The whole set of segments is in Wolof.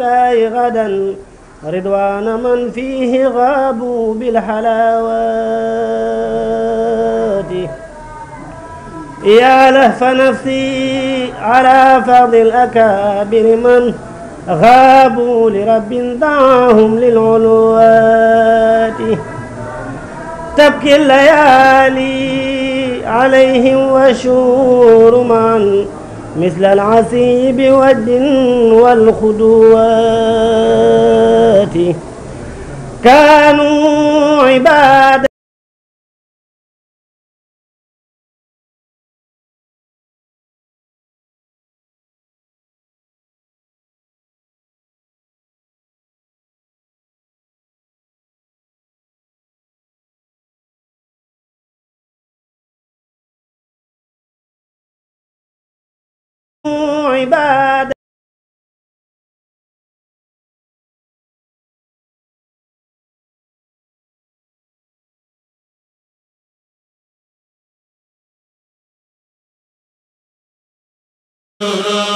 البكاء غدا رضوان من فيه غابوا بالحلاوات يا لهف نفسي على فضل الأكابر من غابوا لرب دعاهم للعلوات تبكي الليالي عليهم وشور معا مثل العسي بود والخدوات كانوا عباد عباد Oh,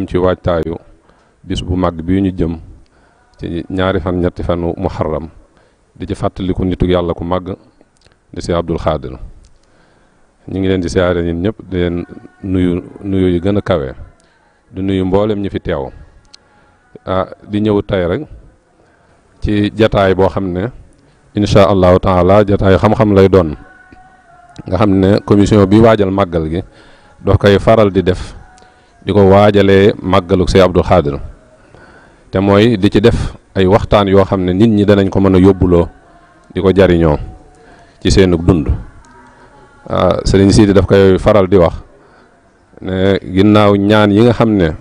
jëm ci waajtaayu bis bu mag bii ñu jëm ci ñaari fan ñetti fanu muharram di ci fàttaliku nitu yàlla ku màgg di si Abdul Xaadir ñu ngi leen di siyaare ñun ñëpp di leen nuyu nuyu yi gën a kawe di nuyu mbooleem ñu fi teew ah di ñëw tey rek ci jataay boo xam ne incha allahu taala jataay xam-xam lay doon nga xam ne commission bi waajal màggal gi daf koy faral di def di ko waajalee màggalug Sëriñ Abdou Khadr te mooy di ci def ay waxtaan yoo xam ne nit ñi danañ ko mën a yóbbuloo di ko jariñoo ci seenug dund ah, sëriñ Sidi daf koy faral di wax ne ginnaaw ñaan yi nga xam ne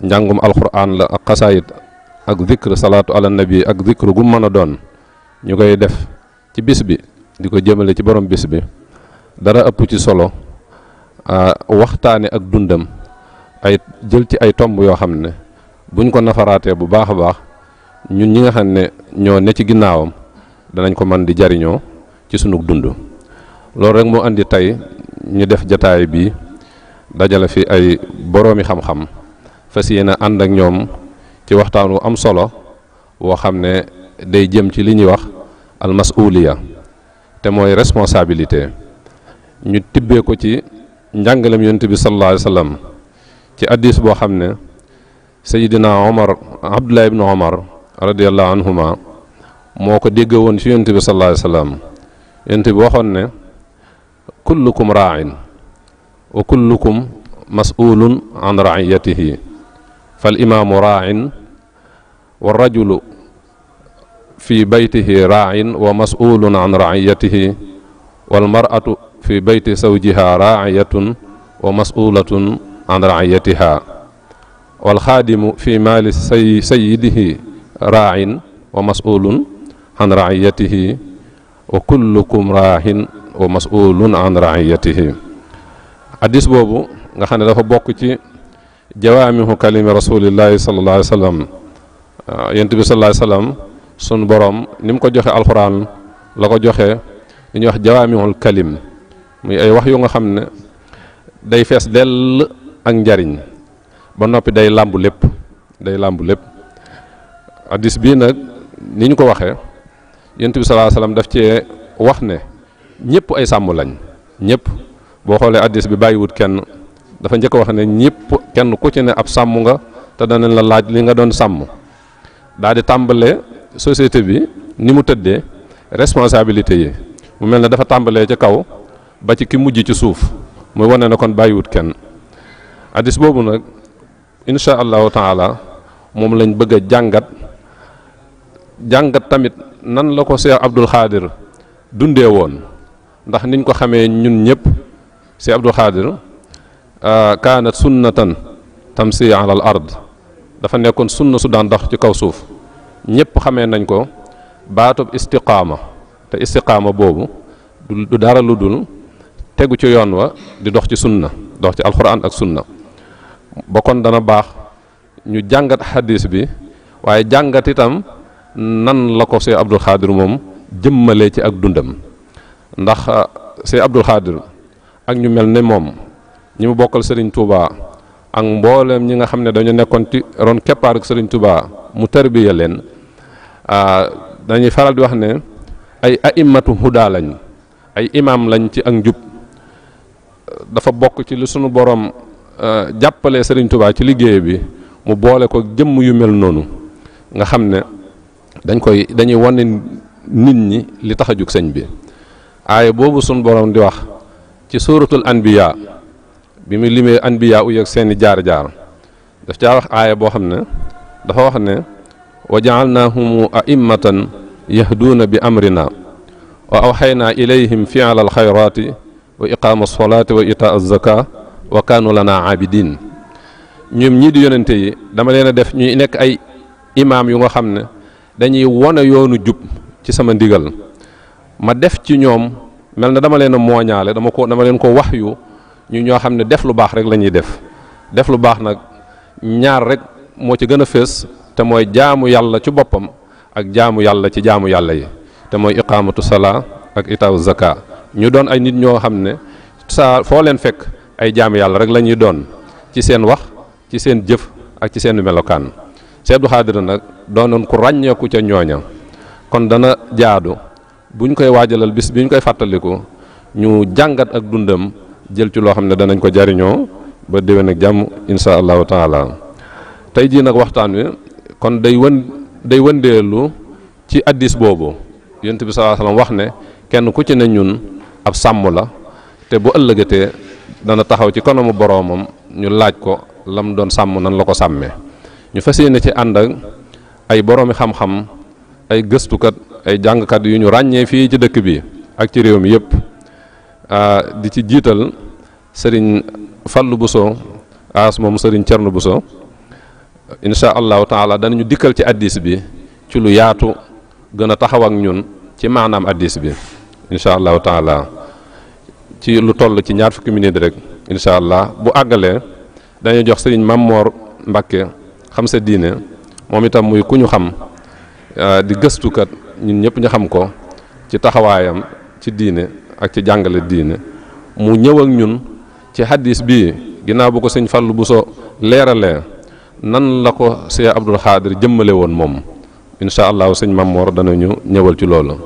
njàngum alxuraan la ak xasaayit ak zikr salaatu ala nabi ak zikr gu mën a doon ñu koy def ci bis bi di ko jëmale ci borom bis bi dara ëpp ci solo ah, waxtaane ak dundam ay jël ci ay tomb yoo xam ne buñ ko nafaraatee bu baax a baax ñun ñi nga xam ne ñoo ne ci ginnaawam danañ ko mën di jariñoo ci sunu dund loolu rek moo indi tey ñu def jataay bi dajale fi ay boroomi xam-xam fas ne ànd ak ñoom ci waxtaan wu am solo woo xam ne day jëm ci li ñuy wax almasuliya te mooy responsabilité ñu tibbee ko ci njàngalem yonent bi sallallahu alayhi ci addis boo xam ne sayidina omar abdullah ibnu omar radiallahu anhuma moo ko dégg woon ci yonent bi sallallahu alayhi wa sallam yonent bi waxoon ne kullukum raain wa kullukum fi baytihi raain wa mas'ulun fi bayti zawjiha raiyatun an raayatiha walxaadimu fi maali say sayidihi raain wa masulun an raayatihi wa boobu nga xam ne dafa bokk ci jawaamihu kalimi rasulillahi sallallahu sunu borom ni mu ko joxe alxuraan la ko joxe li wax jawaamihul kalim muy ay wax yu nga xam ne day fees dell ak njariñ ba noppi day làmb lépp day làmb lépp hadis bii nag ni ñu ko waxee yonent bi sallallahu alayhi wasallam daf cee wax ne ñëpp ay sàmm lañ ñëpp boo xoolee addis bi bàyyiwut kenn dafa njëkk wax ne ñëpp kenn ku ci ne ab sàmm nga te danañ la laaj li nga doon sàmm daal di tàmbalee société bi ni mu tëddee responsabilité yi mu mel ne dafa tàmbalee ci kaw ba ci ki mujj ci suuf muy wane ne kon bàyyiwut kenn hadis boobu nag incha allahu taala moom lañ bëgg a jàngat jàngat tamit nan la ko Cheikh Abdoul Khadir dundee woon ndax niñ ko xamee ñun ñëpp Cheikh Abdoul Khadir ah, kaanat sunnatan tamsi ala al ard dafa nekkoon sunna su daan dox ci kaw suuf ñëpp xamee nañ ko baatub istiqaama te istiqaama boobu du dara lu dul tegu ci yoon wa di dox ci sunna dox ci alxuraan ak sunna ba kon dana baax ñu jàngat xadis bi waaye jàngat itam nan la ko Sëñ Abdul Xaadir moom jëmmale ci ak dundam ndax uh, Sëñ Abdul Xaadir ak ñu mel ni moom ñi mu bokkal Serigne Touba ak mbooleem ñi nga xam ne dañu nekkoon ci ron keppaar ak Serigne Touba mu tarbiya leen uh, dañuy faral di wax ne ay aimatu huda lañ ay imaam lañ ci ak njub uh, dafa bokk ci lu sunu boroom Euh, jàppale Serigne Touba ci liggéey bi mu boole ko jëmm yu mel noonu nga xam ne dañ koy dañuy wone nit ñi li tax a jug sëñ bi aaya boobu suñ borom di wax ci suuratul anbiya bi mu limee anbiya uy ak seeni jaar-jaar daf caa wax aaya boo xam ne dafa wax ne wa jaalnaahum a'immatan yahduuna bi amrina wa awxaynaa ilayhim fi'ala alxayraati wa iqaama alsolaati wa itaa alzaka wa kaanu lana abidin ñoom ñii di yonente yi dama leen a def ñuy nekk ay imaam yu nga xam ne dañuy wone yoonu jub ci sama ndigal ma def ci ñoom mel na dama leen mooñaale dama ko dama leen ko wax yu ñu ñoo xam ne def lu baax rek la ñuy def def lu baax nag ñaar rek moo ci gën a fees te mooy jaamu yàlla ci boppam ak jaamu yàlla ci jaamu yàlla yi te mooy iqaamatu salaa ak itaawu zaka ñu doon ay nit ñoo xam ne saa foo leen fekk ay jaam yàlla rek lañuy doon ci seen wax ci seen jëf ak ci seen melokaan Seex Abdu nag doonoon ku ràññeeku ca ñooña kon dana jaadu buñ koy waajalal bis biñ koy fàttaliku ñu jàngat ak dundam jël ci loo xam ne danañ ko jariñoo ba déwén ak jàmm insha allahu taala tey jii nag waxtaan wi kon day wën day wëndeelu ci addis boobu yonent bi sallallahu wax ne kenn ku ci ne ñun ab sàmm la te bu ëllëgatee dana taxaw ci kanamu boroomam ñu laaj ko lam doon sàmm nan la ko sàmmee ñu fas yéene ci ànd ak ay boroomi xam-xam ay gëstukat ay jàngkat yu ñu ràññee fii ci dëkk bi ak ci réew mi yëpp ah, di ci jiital sëriñ Fallou Bousso as moom sëriñ Thierno Bousso incha allahu taala danañu dikkal ci addis bi ci lu yaatu gën a taxaw ak ñun ci maanaam addis bi incha allahu taala ci lu toll ci ñaar fukki minutes rek incha allah bu àggalee dañu jox sëriñ Mamor Mbacke xam sa diine moom itam muy ku ñu xam euh, di gëstukat ñun ñëpp ñu xam ko ci taxawaayam ci diine ak ci jàngale diine mu ñëw ak ñun ci hadis bi ginnaaw bu ko sëñ Fallu bu so leeralee nan la ko see Abdul Xaadir jëmmale woon moom incha allah sëñ Mamor danañu ñëwal ci loolu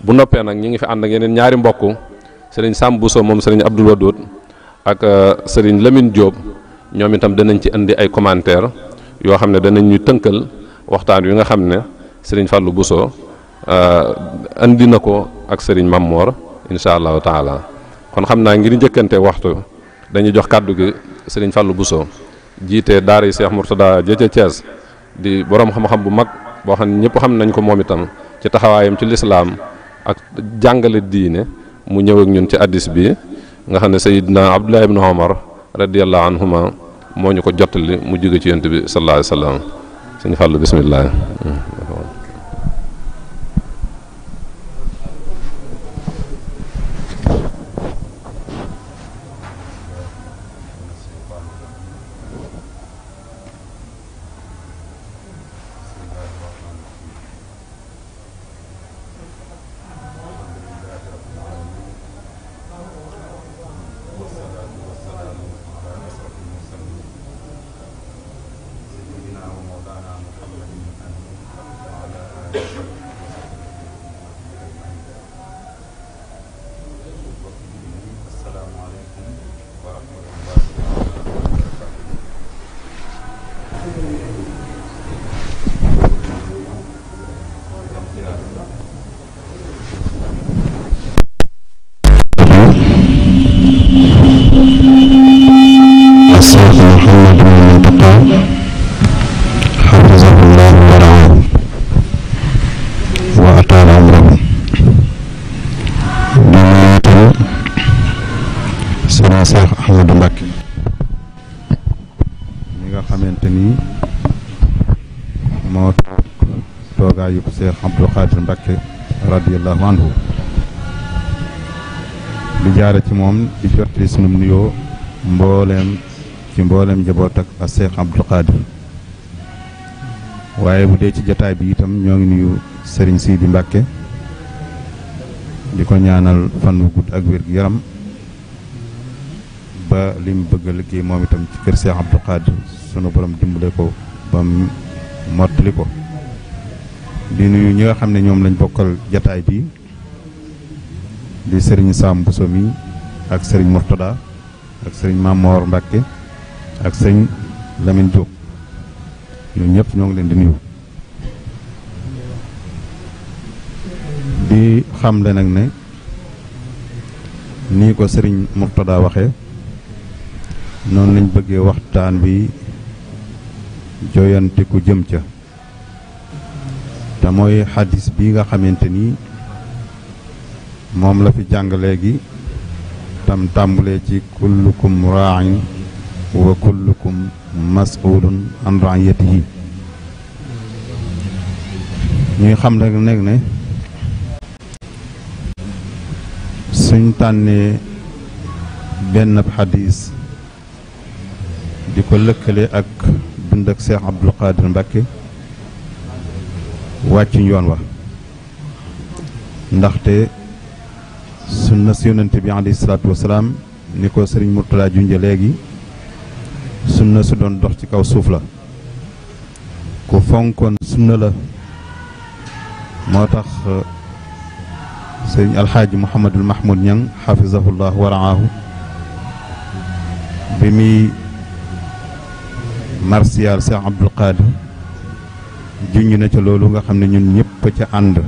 bu noppee nag ñu ngi fi ànd ak yeneen ñaari mbokk. sëriñ Sam Bousso moom sëriñ Abdoul Wadoud ak euh, sëriñ Lamine jóob ñoom itam danañ ci indi ay commentaire yoo xam ne danañ ñu tënkal waxtaan wi nga xam ne sëriñ Fallou Bousso indi euh, na ko ak sëriñ Mamor incha allahu taala kon xam naa ngir njëkkante waxtu dañuy jox kàddu gi sëriñ Fallou Bousso jiite daar yi Cheikh Mourtada jëcc Thiès di borom xam bu mag boo xam ne ñëpp xam nañ ko moom itam ci taxawaayam ci lislaam ak jàngale diine mu ñëw ak ñun ci addis bi nga xam ne sayidna abdullah ibn omar radiallahu anhuma moo ñu ko jottali mu jóge ci yonent bi sallallahu alayhi wa sallam suñu Seex Abdou Khadir Mbacke radiyallahu anhu di jaare ci moom di jottali sunu nuyoo mbooleem ci mbooleem njaboot ak ak Seex Abdou Khadir waaye bu dee ci jataay bi itam ñoo ngi nuyu sëriñ Serigne Sidi Mbacke di ko ñaanal fan wu gudd ak wér gu yaram ba li bëgga bëgg a liggéey moom itam ci kër Seex Abdou Khadir sunu borom dimbale ko ba mu ko di nuyu ñi nga xam ne ñoom lañu bokkal jataay bii di sëriñ Sam Bousso mi ak sëriñ Mourtada ak sëriñ Mamor Mbacke ak sëriñ Lamine Diop ñoom ñëpp ñoo ngi leen di niw di xam le nag ne nii ko sëriñ Mourtada waxe noonu lañ bëggee waxtaan bi joyantiku jëm ca. te mooy xadis bi nga xamante ni moom la fi jàng léegi tam tàmbulee ci kullukum raain wa kullukum mas'ulun an raiyatihi ñuy xam rek nekk ne suñ tànnee benn xadis di ko lëkkale ak dund ak Seex Abdul Qaadir Mbàkke wàccuñ yoon wa ndaxte sunna si yonante bi alayhi salaatu wasalaam ni ko sëriñ Murtala junje léegi sunna su doon dox ci kaw suuf la ku fonkoon sunna la moo tax euh, sëriñ alxaaji Mouhamadul Mahmoud Ñang xafisahullah waraahu bi muy marsiyaal Seex Abdul Qaadir junj na ca loolu nga xam ne ñun ñëpp ca ànd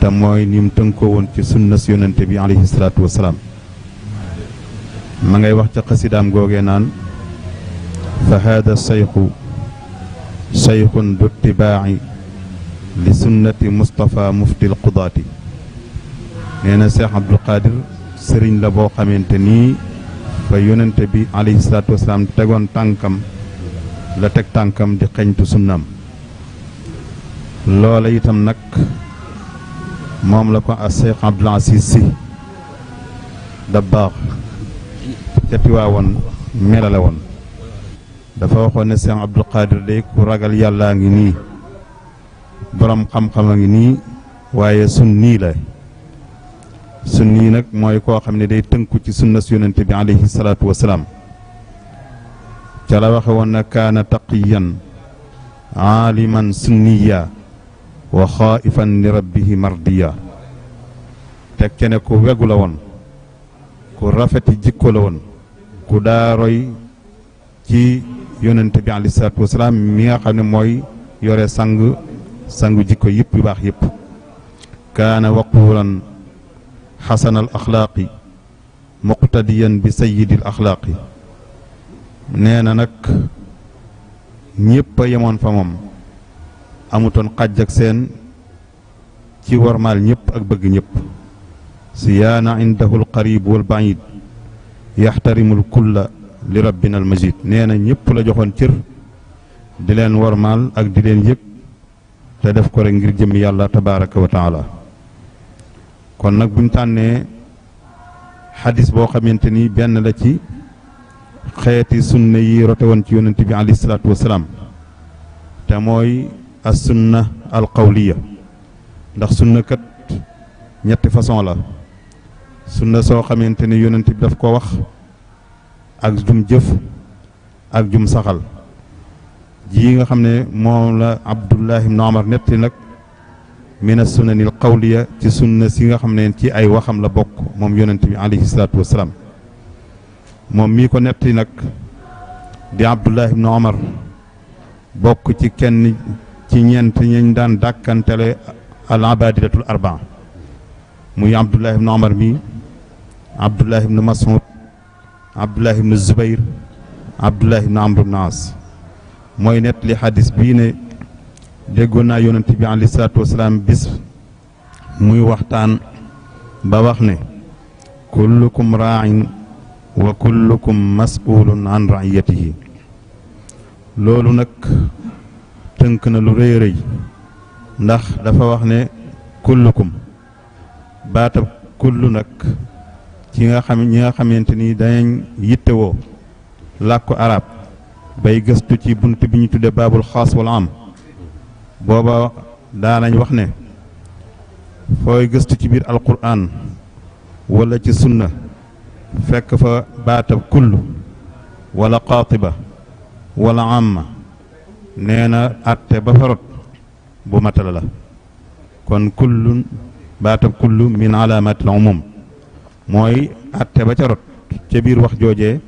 te mooy ni mu tënkoo woon ci sunna si yonente bi alayhi salaatu ma ngay wax ca xasidaam googee naan fa haada sayxu sayxun du tibaaci li sunnati mustapha muftil qudaati nee seex abdul qadir sëriñ la boo xamante nii fa yonente bi alayhi salaatu tegoon tànkam la teg tànkam di xeñtu sunnaam loola itam nag moom la ko Cheikh Abdoul Aziz Sy Dabakh ca Tiwaawoon melale woon dafa waxoon ne Cheikh Abdoul Qadir day ku ragal yàllaa ngi nii boroom xam-xam a ngi nii waaye sunni la sunni nag mooy koo xam ne day tënku ci sunna su yonente bi alayhi salaatu ca la waxe woon na kaana taqiyan aaliman sunniya wa xaaifan li rabbihi mardiya teg ca ku wegu la woon ku rafeti jikko la woon ku daa roy ci yonente bi aleyhi salaatu nga xam ne mooy yore sang sangu jikko yépp yu baax yëpp kaana waquulan xasanal axlaaqi muqtadiyan bi sayidil axlaaqi nee na nag ñëpp a yemoon fa moom amutoon xàjj ak seen ci warmaal ñëpp ak bëgg ñëpp siyaana indahu alqarib wal baid yaxtarimul kulla li rabbina al majid nee na ñëpp la joxoon cër di leen warmaal ak di leen yëg te def ko rek ngir jëm yàlla tabaraka wa taala kon nag buñ tànnee xadis boo xamante ni benn la ci xeeti sunna yi rote woon ci yonent bi alayhi salaatu wasalaam te mooy as sunna al qawliya ndax sunna kat ñetti façon la sunna soo xamante ne yonent bi daf ko wax ak jum jëf ak jum saxal ji nga xam ne moom la Abdullah ibn Umar netti nag min as sunanil qawliya ci sunna si nga xam ne ci ay waxam la bokk moom yonent bi alayhi salaatu wasalaam moom mii ko netti nag di Abdullah ibn bokk ci kenn ci ñeent ñañ daan dàkkantele al abadilatul arbaa muy abdullah ibnu omar mi abdullah ibnu mas'ud abdullah ibnu zubayr abdullah ibnu amr ibnu as mooy nett li xadis bii ne déggoon naa bi alayhi salaatu wasalaam bis muy waxtaan ba wax ne kullukum raain wa kullukum mas'ulun an raiyatihi loolu nag tënk na lu rëy rëy ndax dafa wax ne kullukum baatab kullu nag ci nga xam ñi nga xamante ni dañ yittewoo làkku arab bay gëstu ci bunt bi ñu tudde baabul xaas wal am booba daanañ wax ne fooy gëstu ci biir alquran wala ci sunna fekk fa baatab kullu wala qaatiba wala amma nee na atte ba farot bu matala la kon kullun baatab kullu min alaamatil moom mooy atte ba ca rot ca biir wax joojee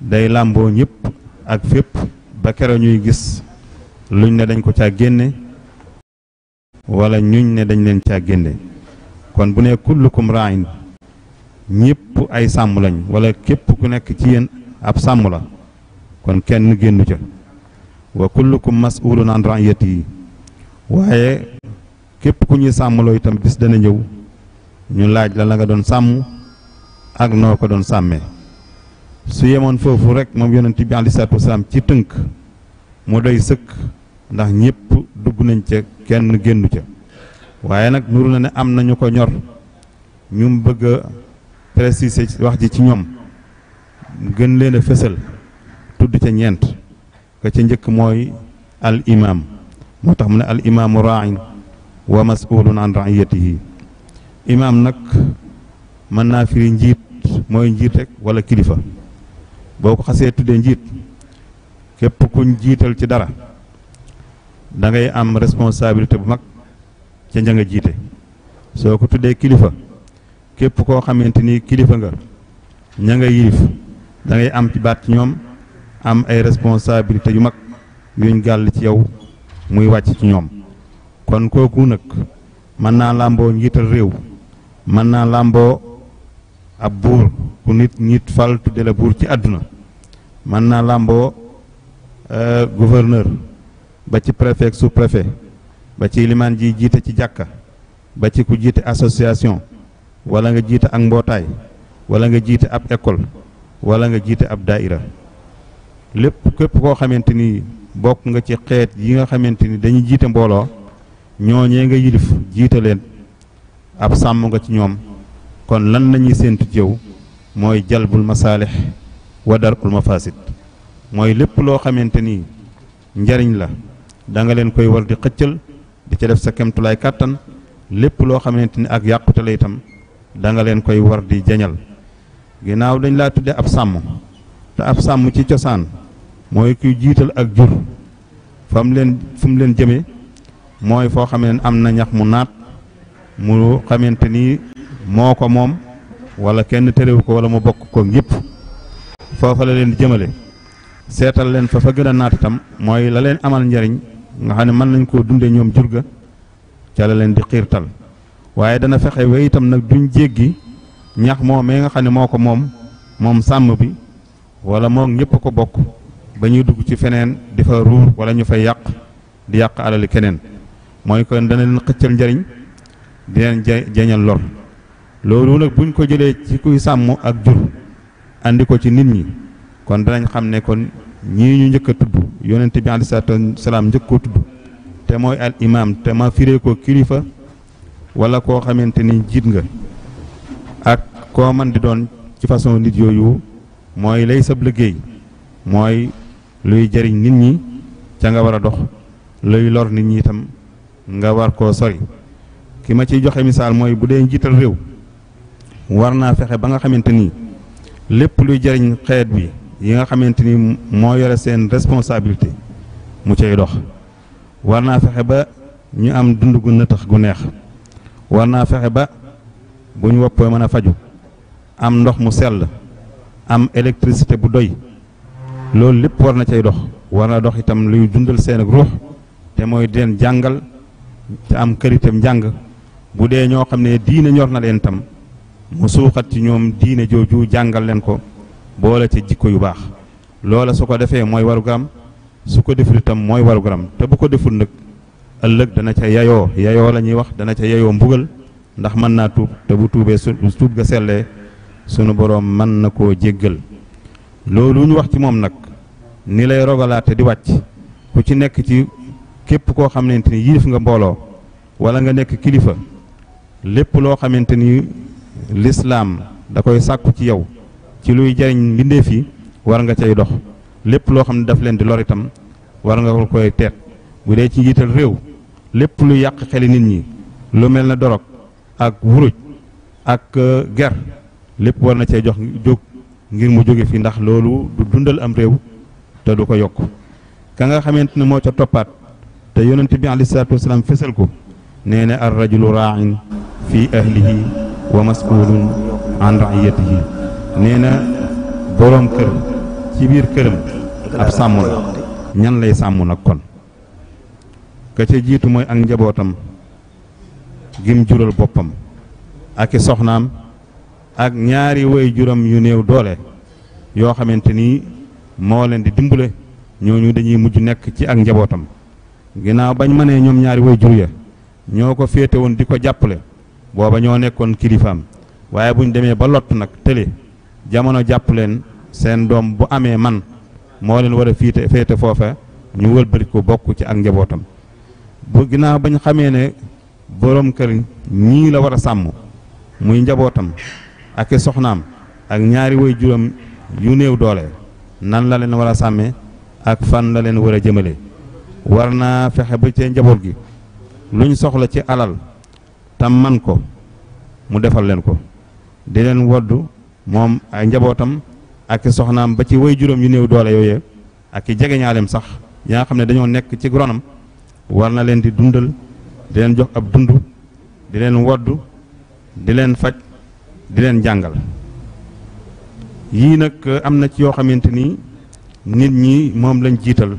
day làmboo ñépp ak fépp ba kero ñuy gis luñ ne dañ ko caa génne wala ñuñ ne dañ leen caa génne kon bu ne kullukum raayin ñëpp ay sàmm lañ wala képp ku nekk ci yéen ab sàmm la kon kenn génnu ca wa kullukum mas'ulun an ra'iyatihi waaye képp ku ñuy sàmmaloo itam bis dana ñëw ñu laaj la la nga doon sàmm ak noo ko doon sàmmee su yemoon foofu rek moom yonent bi alayhi salaatu wasalaam ci tënk moo doy sëkk ndax ñëpp dugg nañ ca kenn génnu ca waaye nag nuru na ne am na ñu ko ñor ñu bëgg a préciser wax ji ci ñoom gën leen a fësal tudd ca ñeent ka ca njëkk mooy al imaam moo tax mu ne al imaamu raain wa masulun an raiyatihi imaam nag mën naa firi njiit mooy njiit rek wala kilifa boo ko xasee tuddee njiit képp kuñ jiital ci dara dangay ngay am responsabilité bu mag ca nja jiite soo ko tuddee kilifa képp koo xamante ni kilifa nga ña yilif da am baat ci ñoom am ay responsabilité yu mag yuñ gàll ci yow muy wàcc ci ñoom kon kooku nag mën naa làmboo njiital réew mën naa làmboo ab buur ku nit ñit fal tudde la buur ci àdduna mën naa làmboo euh, gouverneur ba ci préfet sous préfet ba ci limaan ji jiite ci jàkka ba ci ku jiite association wala nga jiite ak mbootaay wala nga jiite ab école wala nga jiite ab daaira lépp képp koo xamante ni bokk nga ci xeet yi nga xamante ni dañuy jiite mbooloo ñooñee nga yilif jiite leen ab sàmm nga ci ñoom kon lan lañuy séentu ci yow mooy jalbul masaalix wa darkul mafasid mooy lépp loo xamante ni njariñ la danga leen koy war di xëccël di ca def sa kemtulaay kàttan lépp loo xamante ni ak yàqute la itam da nga leen koy war di jañal ginnaaw dañ laa tudde ab sàmm te ab sàmm ci cosaan mooy kuy jiital ak jur fa leen fum leen jëmee mooy foo xamee ne am na ñax mu naat mu xamante ni moo ko moom wala kenn terewu ko wala mu bokk ko yépp foofa la leen jëmale seetal leen fa fa gën a naat itam mooy la leen amal njariñ nga xam ne mën nañ koo dunde ñoom jur ga ca la leen di xiirtal waaye dana fexe we itam nag duñ jéggi ñax moo mee nga xam ne moo ko moom moom sàmm bi wala moom ñépp ko bokk ba ñuy dugg ci feneen di fa ruur wala ñu fa yàq di yàq alali keneen mooy kon dana leen xëccal njariñ di leen jeñal lor loolu nag buñ ko jëlee ci kuy sàmm ak jur andi ko ci nit ñi kon danañ xam ne kon ñii ñu njëkk a tudd yonent bi aleyhi salaatu salaam njëkk koo tudd te mooy al imaam te ma firee ko kilifa wala koo xamante ni jiit nga ak koo man di doon ci façon nit yooyu mooy lay sëb liggéey mooy luy jariñ nit ñi ca nga war a dox luy lor nit ñi itam nga war koo sori ki ma ciy joxe misaal mooy bu dee njiital réew war naa fexe ba nga xamante ni lépp luy jariñ xeet bi yi nga xamante ni moo yore seen responsabilité mu cay dox war naa fexe ba ñu am dund gu nëtëx gu neex war naa fexe ba bu ñu woppee mën a faju am ndox mu sell am électricité bu doy loolu lépp war na cay dox war na dox itam luy dundal seen ak ruux te mooy di jàngal te am këritam njàng bu dee ñoo xam ne diine ñor na leen tam mu suuxat ci ñoom diine jooju jàngal leen ko boole ca jikko yu baax loola su ko defee mooy warugaram su ko deful itam mooy warugaram te bu ko deful nag ëllëg dana ca yayoo yayoo la ñuy wax dana ca yayoo mbugal ndax mën naa tuub te bu tuubee su tuub ga sellee sunu boroom mën na koo jéggal loolu ñu wax ci moom nag ni lay rogalaate di wàcc ku ci nekk ci képp koo xamante ni yilif nga mbooloo wala nga nekk kilifa lépp loo xamante ni lislaam da koy sàkku ci yow ci luy jariñ mbindeef yi war nga cay dox lépp loo xam ne daf leen di lor itam war nga koy teet bu dee ci njiital réew lépp lu yàq xele nit ñi lu mel na dorog ak wuruj ak euh, ger lépp war na cee jox jóg ngir mu jóge fi ndax loolu du dundal am réew te du ko yokk ka nga xamante ne moo ca toppaat te yonent bi aleyhi salaatu wasalaam fesal ko nee na ar rajulu raain fi ahlihi wa masulun an raiyatihi nee na boroom kër ci biir këram ab sàmm la ñan lay sàmm nag kon ka ca jiitu mooy ak njabootam gim jural boppam ak i soxnaam ak ñaari way juróom yu néew doole yoo xamante ni moo leen di dimbale ñooñu dañuy mujj nekk ci ak njabootam ginnaaw bañ mënee ñoom ñaari way jur ya ñoo ko féete woon di ko jàppale booba ñoo nekkoon kilifaam waaye buñ demee ba lott nag tële jamono jàpp leen seen doom bu amee man moo leen war a fiite féete foofa ñu wëlbati ko bokk ci ak njabootam bu ginnaaw bañ xamee ne boroom kër ñii la war a sàmm muy njabootam ak soxnaam ak ñaari way juram yu néew doole nan la leen war a sàmme ak fan la leen war a jëmale war naa fexe ba ci njaboot gi luñ soxla ci alal tam man ko mu defal leen ko di leen woddu moom ay njabootam ak i soxnaam ba ci way juróom yu néew doole yooye ak i jegeñaaleem sax yaa xam ne dañoo nekk ci ronam war na leen di dundal di leen jox ab dund di leen woddu di leen faj di leen jàngal yii nag eh, am na ci yoo xamante ni nit ñi moom lañ jiital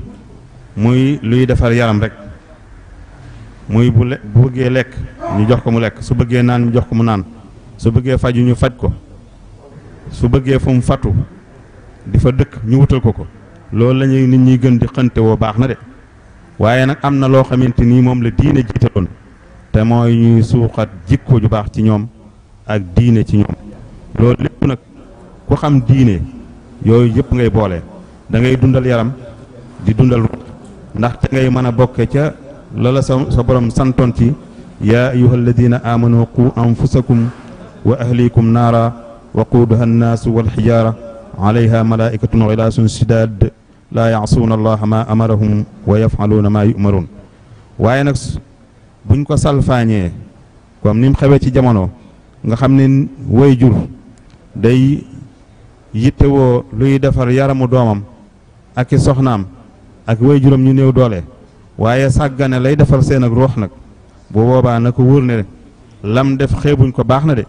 muy luy defar yaram rekk muy bu le bu bëggee lekk ñu jox ko mu lekk su bëggee naan ñu jox ko mu naan su bëggee faj yu ñu faj ko su bëggee fu fattu fatu di fa dëkk ñu wutal ko ko loolu lañuy nit ñuy gën di xante woo baax na de waaye nag am na loo xamante nii moom la diine jiitaloon te mooy ñuy suuxat jikko ju baax ci ñoom ak diine ci ñoom loolu lépp nag ku xam diine yooyu yëpp ngay boole dangay dundal yaram di dundal ruux ndax te ngay mën a bokke ca loola sa sa borom santoon ci yaa ayuha alladina amanu qu anfusakum wa ahlikum naara wa quuduha annaasu walxijaara alayha malaikatun gilaasun sidaad laa yaasuuna allaha maa amarahum wa yafaluuna maa yumaruun waaye nag buñ ko salfaañee comme ni mu xewee ci jamono nga xam ne waajur day yittewoo luy defar yaramu doomam ak i soxnaam ak juram ñu néew doole waaye sàggane lay defar seen ak ruux nag bu boobaa na ko wóor ne lam def xeebuñ ko baax na de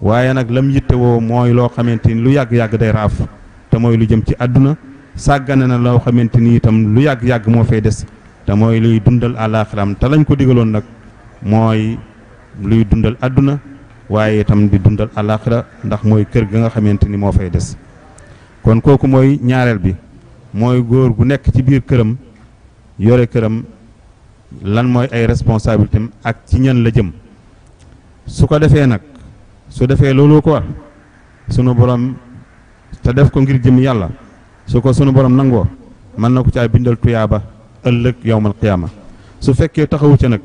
waaye nag lam yittewoo mooy loo xamante ni lu yàgg-yàgg day raaf te mooy lu jëm ci àdduna sàggane na loo xamante ni itam lu yàgg-yàgg moo fay des te mooy luy dundal àllaaxiram te lañ ko digaloon nag mooy luy dundal àdduna waaye itam di dundal àllaaxira ndax mooy kër ga nga xamante ni moo fay des kon kooku mooy ñaareel bi mooy góor gu nekk ci biir këram yore këram lan mooy ay responsabilité ak ci ñan la jëm su ko defee nag su defee loolu ko war sunu borom te def ko ngir jëm yàlla su ko sunu borom nangoo mën na ko caa bindal tuyaaba ëllëg yowmal qiyaama su fekkee taxawu ca nag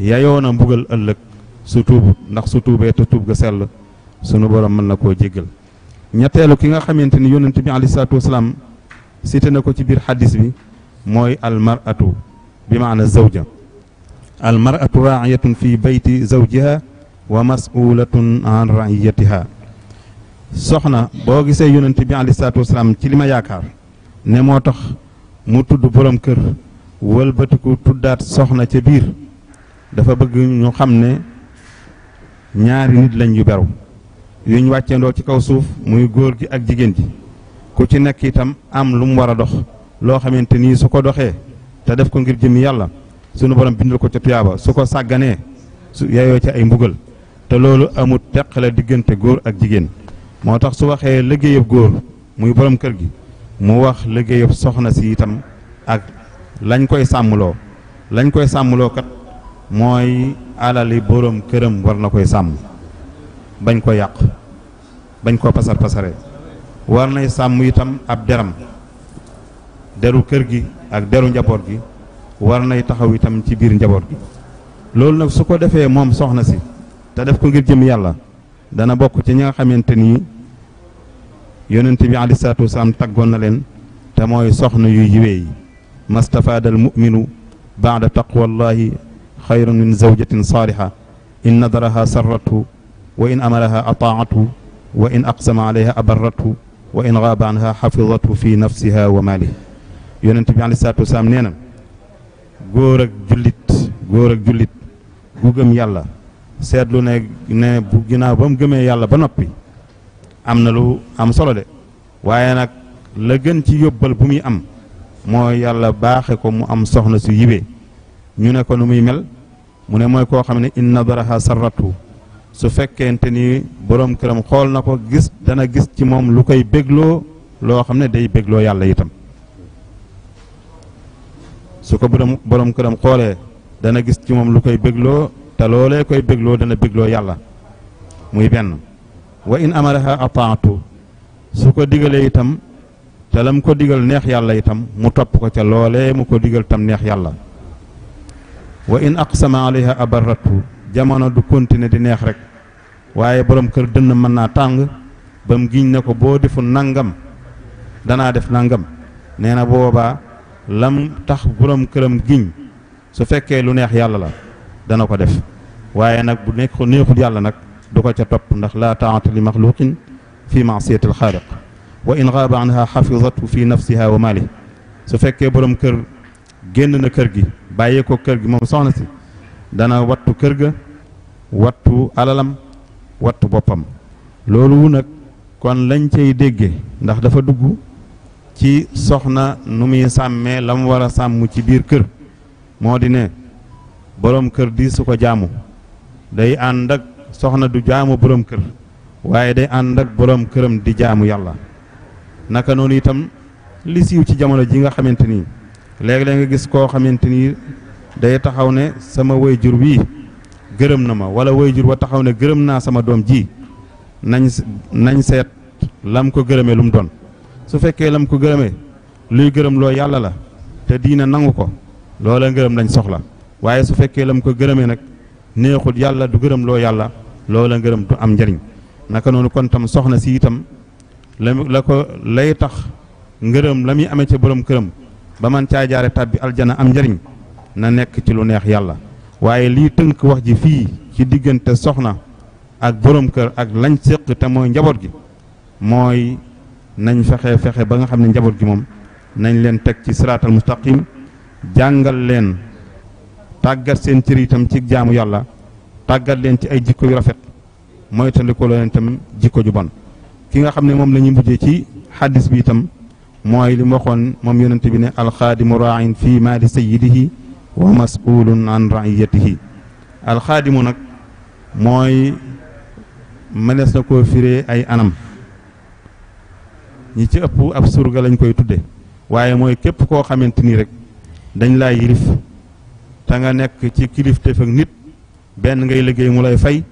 yayoo na mbugal ëllëg su tuubut ndax su tuubee te tuub ga sell sunu borom mën na koo jéggal ñetteelu ki nga xamante ni yonent bi alayhi salaatu wasalaam cité na ko ci biir xaddis bi mooy almaratu bi maana zawja almaratu raayatun fi bayti zawjiha wa masulatun an raiyatiha soxna boo gisee yonent bi alayhi salaatu ci lima ma yaakaar ne moo tax mu tudd borom kër wëlbatiku tuddaat soxna ca biir dafa bëgg ñu xam ne ñaari nit lañ yu beru yuñ wàccandoo ci kaw suuf muy góor gi ak jigéen ji ku ci nekk itam am lu mu war a dox loo xamante nii su ko doxee te def ko ngir jëmi yàlla sunu borom bindal ko ca tuyaaba su ko sàgganee su yaayoo ci ay mbugal te loolu amut teqale diggante góor ak jigéen moo tax su waxee liggéeyab góor muy borom kër gi mu wax liggéeyab soxna si itam ak lañ koy sàmmloo lañ koy sàmmloo kat mooy alali boroom këram war na koy sàmm bañ ko yàq bañ ko pasar pasare war nay sàmm itam ab deram deru kër gi ak deru njaboot gi war nay taxaw itam ci biir njaboot gi loolu nag su ko defee moom soxna si te def ko ngir jëm yàlla dana bokk ci ña nga xamante ni yonent bi aleyhi salaatu wasalaam taggoon na leen te mooy soxna yu yiwee yi mastafaadal muminu baada taqwallahi xayrun min zawjatin saaliha in nadaraha sarrathu wa in amaraha ataathu wa in aqsama alayha abarrathu wa in gaaba anha xafidathu fi nafsiha wa maalihi yonent bi aleyhi salaatu wasalaam nee na góor ak jullit góor ak jullit gu gëm yàlla seetlu ne ne bu ginnaaw ba mu gëmee yàlla ba noppi am na lu am solo de waaye nag la gën ci yóbbal bu muy am mooy yàlla baaxe ko mu am soxna su yibee ñu ne ko nu muy mel mu ne mooy koo xam ne in nadaraha sarratu su fekkente ni boroom këram xool na ko gis dana gis ci moom lu koy bégloo loo xam ne day bégloo yàlla itam su ko boroom boroom këram xoolee dana gis ci moom lu koy bégloo te loolee koy bégloo dana bégloo yàlla muy benn wa in amaraha ataatu su ko digalee itam te lam ko digal neex yàlla itam mu topp ko ca loolee mu ko digal tam neex yàlla wa in aqsama alayha abarratu jamono du continuer di neex rek waaye borom kër dënn mën naa tàng ba mu giñ na ko boo defu nangam danaa def nangam nee na boobaa lam tax borom këram giñ su fekkee lu neex yàlla la dana ko def waaye nag bu nekk neexul yàlla nag du ko ca topp ndax laa taata li maxluqin fi maasiyati alxaaliq wa in gaaba anha xafidatu fi nafsiha wa maali su fekkee borom kër génn na kër gi bàyyee ko kër gi moom soxna si dana wattu kër ga wattu alalam wattu boppam loolu nag kon lañ cay dégge ndax dafa dugg ci soxna nu muy sàmmee la mu war a sàmm ci biir kër moo di ne boroom kër di su ko jaamu day ànd ak soxna du jaamu boroom kër waaye day ànd ak boroom këram di jaamu yàlla naka noonu itam li siiw ci jamono ji nga xamante nii léeg-léeg nga gis koo xamante ni day taxaw ne sama wayjur wii gërëm na ma wala jur wa taxaw ne gërëm naa sama doom ji nañ nañ seet lam ko gërëmee lum doon su fekkee lam ko gërëmee luy gërëm loo yàlla la te diina nangu ko loola ngërëm lañ soxla waaye su fekkee lam ko gërëmee nag neexut yàlla du gërëm loo yàlla loola ngërëm du am njariñ naka noonu kon tam soxna si itam la la ko lay tax ngërëm la muy amee ca borom këram ba man caa jaare tàbbi aljana am njariñ na nekk ci lu neex yàlla waaye lii tënk wax ji fii ci diggante soxna ak boroom kër ak lañ séq te mooy njaboot gi mooy nañ fexe fexe ba nga xam ne njaboot gi moom nañ leen teg ci siraatal mustaqim jàngal leen tàggat seen cër itam ci jaamu yàlla tàggat leen ci ay jikko yu rafet mooy tandikoo leen jikko ju bon ki nga xam ne moom la ñuy ci xaddis bi itam mooy li mu moom yonent bi ne alxaadimu raain fii maali sayidihi wa masulun an raiyatihi alxaadimu nag mooy mënees na koo firee ay anam ñi ci ëpp ab surga lañ koy tudde waaye mooy képp koo xamante ni rek dañ laa yilif te nga nekk ci kilifteef ak nit benn ngay liggéey mu lay fay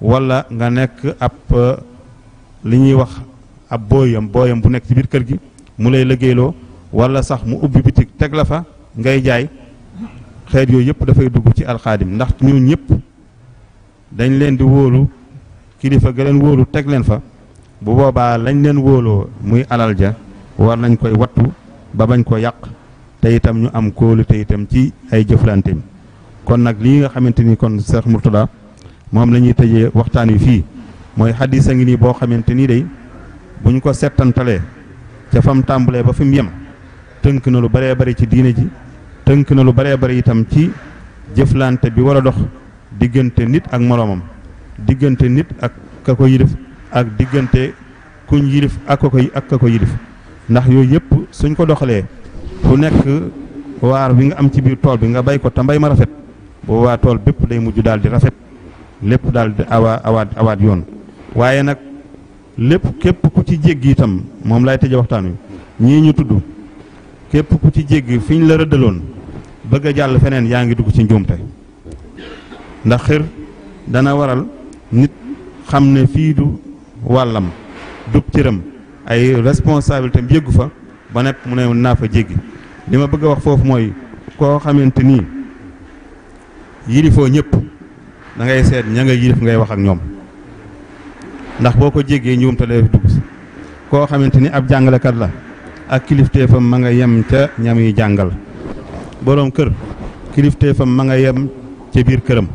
wala nga nekk ab euh, li ñuy wax ab booyam booyam bu nekk ci biir kër gi mu lay liggéeyloo wala sax mu ubbi bitig teg la fa ngay jaay xeet yooyu yëpp dafay dugg ci alxaadim ndax ñun ñëpp dañ leen di wóolu kilifa ga leen wóolu teg leen fa bu boobaa lañ leen wóoloo muy alal ja war nañ koy wattu ba bañ ko yàq te itam ñu am kóolu te itam ci ay jëflanteem kon nag lii nga xamante ni kon Cheikh Mourtada moom la ñuy tëjee waxtaan wi fii mooy xadis a ngi nii boo xamante ni day buñ ko settantalee ga fam tàmbalee ba fi mu yem tënk na lu baree bari ci diine ji tënk na lu baree bari itam ci jëflante bi war a dox diggante nit ak moroomam diggante nit ak ka ko yilif ak diggante kuñ yilif ak ko ak ko yilif ndax yooyu yëpp suñ ko doxalee ku nekk waar bi nga am ci biir tool bi nga bay ko te mbay ma rafet boobaa tool bépp lay mujj daal di rafet lépp daal di awa awaat awaat yoon waaye nag lépp képp ku ci jéggi itam moom lay tëje waxtaan wi ñii ñu tudd képp ku ci jéggi fiñ ñu la rëddaloon bëgg a jàll feneen yaa ngi dugg ci njuumte ndax xir dana waral nit xam ne fii du wàllam dub cëram ay responsabilité am yégu fa ba nepp mu ne naa fa jéggi li ma bëgg a wax foofu mooy koo xamante nii yilifoo ñëpp dangay ngay seet ña nga yilif ngay wax ak ñoom ndax boo ko jéggee njuumte lay dugg si koo xamante ni ab jàngalekat la ak fa ma nga yem ca ñam yi jàngal boroom kër kilifteefam ma nga yem ca biir këram